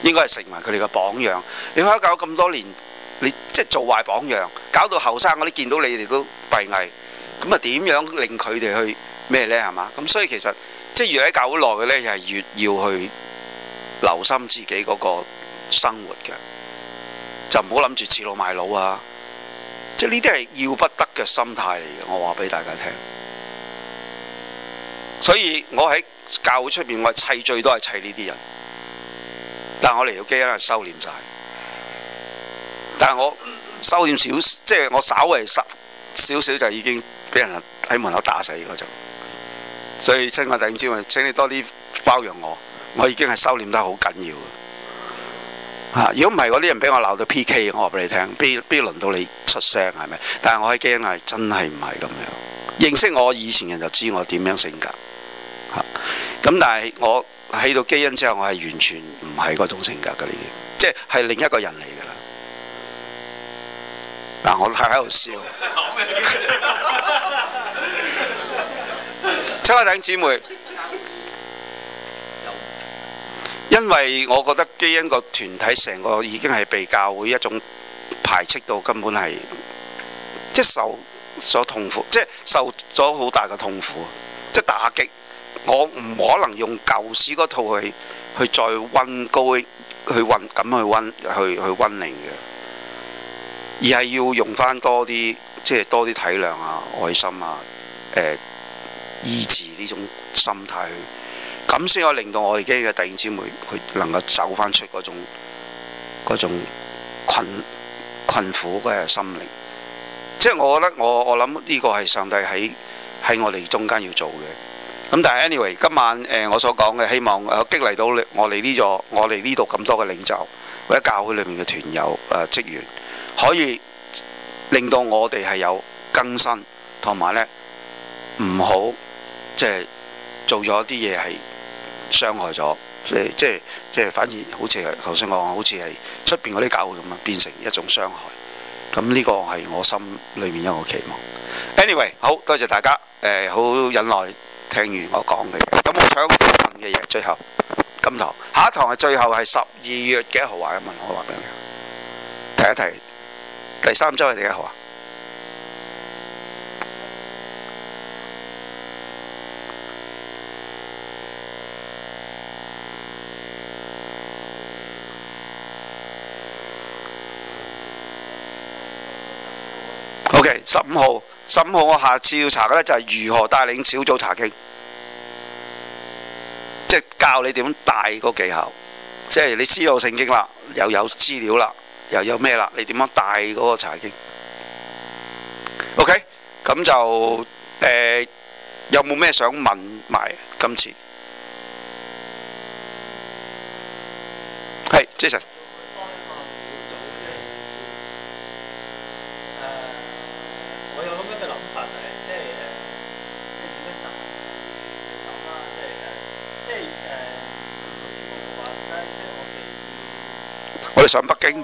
應該係成為佢哋嘅榜樣。你喺度教咁多年。你即係做壞榜樣，搞到後生嗰啲見到你哋都閉翳，咁啊點樣令佢哋去咩呢？係嘛？咁所以其實即係越喺教會內嘅呢，又係越要去留心自己嗰個生活嘅，就唔好諗住恃老賣老啊！即係呢啲係要不得嘅心態嚟嘅，我話俾大家聽。所以我喺教會出邊，我係砌最多係砌呢啲人，但我嚟到基恩係收斂晒。但係我收斂少，即係我稍為十少少就已經俾人喺門口打死嗰種。所以親我基恩請你多啲包容我，我已經係收斂得好緊要。吓、啊，如果唔係啲人俾我鬧到 PK，我話俾你聽，必必輪到你出聲係咪？但係我係基恩係真係唔係咁樣，認識我以前人就知我點樣性格嚇。咁、啊、但係我起到基恩之後，我係完全唔係嗰種性格嘅呢啲，即係係另一個人嚟嘅。.嗱，我太喺度笑。七個頂姊妹，因為我覺得基恩個團體成個已經係被教會一種排斥到根本係，即係受所痛苦，即係受咗好大嘅痛苦，即係打擊。我唔可能用舊時嗰套去去再温高，去温咁去温去去温你嘅。而係要用翻多啲，即係多啲體諒啊、愛心啊、誒、呃、醫治呢種心態，咁先可以令到我哋嘅弟兄姊妹佢能夠走翻出嗰種困困苦嘅心靈。即係我覺得我我諗呢個係上帝喺喺我哋中間要做嘅。咁但係，anyway，今晚誒、呃、我所講嘅，希望激勵到我哋呢座我哋呢度咁多嘅領袖或者教會裏面嘅團友誒職、呃、員。可以令到我哋係有更新，同埋呢唔好即係做咗啲嘢係傷害咗，即即即反而好似頭先我講，好似係出邊嗰啲狗咁啊，變成一種傷害。咁呢個係我心裏面一個期望。Anyway，好多謝大家誒，好、呃、忍耐聽完我講嘅。咁我想嘅嘢，最後今堂下一堂係最後係十二月幾號話嘅問，我話俾你聽，提一提。第三周係第幾號啊？OK，十五號，十五號我下次要查嘅呢就係如何帶領小組查經，即係教你點帶個技巧，即係你知道聖經啦，又有資料啦。又有咩啦？你點樣帶嗰個查經？OK，咁就誒有冇咩想問埋今次？係 Jason。誒，我有咁一個諗法嚟，即係誒，即係點樣實行嚟諗啦？即係誒，即係誒，我哋上北京。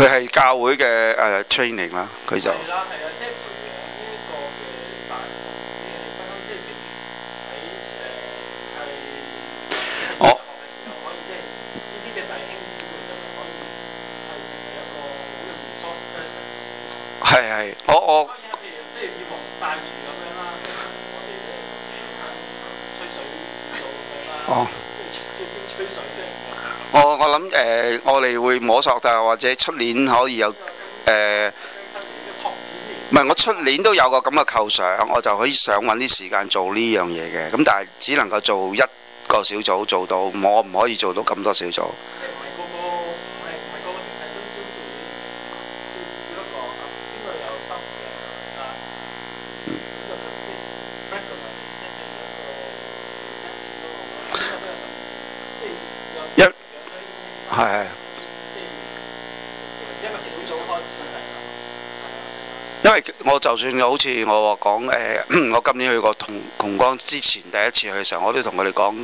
佢係教會嘅誒 training 啦，佢就。我諗誒、呃，我哋會摸索噶，但係，或者出年可以有誒，唔、呃、係、嗯、我出年都有個咁嘅構想，我就可以想搵啲時間做呢樣嘢嘅。咁但係只能夠做一個小組做到，我唔可以做到咁多小組。因為我就算好似我話講誒、呃，我今年去過同同江之前第一次去嘅時候，我都同佢哋講，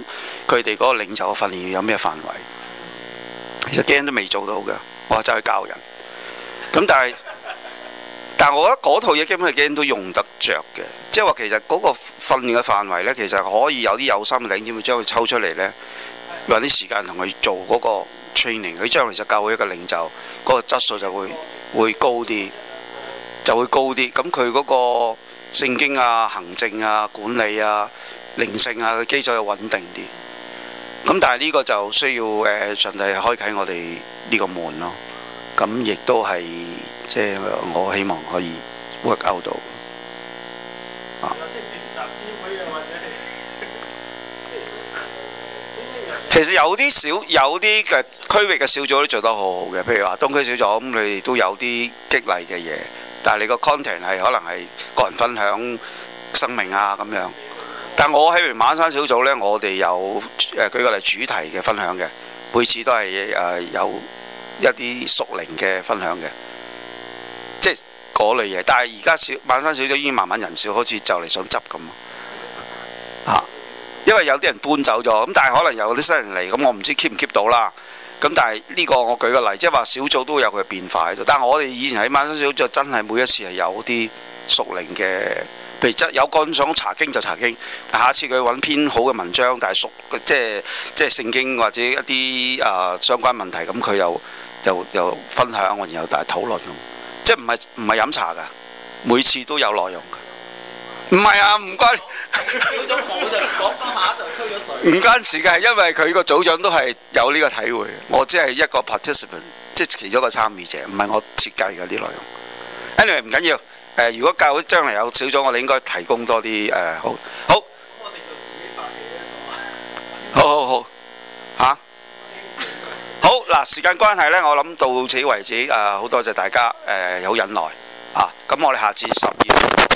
佢哋嗰個領袖嘅訓練有咩範圍？其實驚都未做到嘅，我就去教人。咁但係，但係我覺得嗰套嘢基本嘅驚都用得着嘅，即係話其實嗰個訓練嘅範圍呢，其實可以有啲有心領袖將佢抽出嚟呢？用啲時間同佢做嗰、那個。training 佢將嚟就教會一個領袖，嗰、那個質素就會會高啲，就會高啲。咁佢嗰個聖經啊、行政啊、管理啊、靈性啊佢基礎又穩定啲。咁但係呢個就需要誒、呃、上帝開啟我哋呢個門咯。咁亦都係即係我希望可以 work out 到、啊其實有啲小有啲嘅區域嘅小組都做得好好嘅，譬如話東區小組，咁你哋都有啲激勵嘅嘢。但係你個 content 係可能係個人分享生命啊咁樣。但我喺完萬山小組呢，我哋有誒舉個例主題嘅分享嘅，每次都係誒、呃、有一啲熟齡嘅分享嘅，即係嗰類嘢。但係而家小萬山小組已經慢慢人少，好似就嚟想執咁啊！啊！因為有啲人搬走咗，咁但係可能有啲新人嚟，咁我唔知 keep 唔 keep 到啦。咁但係呢個我舉個例，即係話小組都有佢嘅變化喺度。但係我哋以前喺晚小組就真係每一次係有啲熟齡嘅，譬如即係有幹想查經就查經，下一次佢揾篇好嘅文章，但係熟即係即係聖經或者一啲啊、呃、相關問題，咁佢又又又分享，我然後大家討論，即係唔係唔係飲茶㗎，每次都有內容。唔係啊，唔關小組冇就講翻下就吹咗水。唔 關事嘅，因為佢個組長都係有呢個體會。我只係一個 participant，即係其中一個參與者，唔係我設計嗰啲內容。Anyway，唔緊要。誒、呃，如果教會將嚟有小組，我哋應該提供多啲誒、呃、好。好。我哋做自己發好好好。嚇、啊。好嗱，時間關係咧，我諗到此為止。誒、呃，好多謝大家誒、呃、有忍耐。啊，咁我哋下次十二。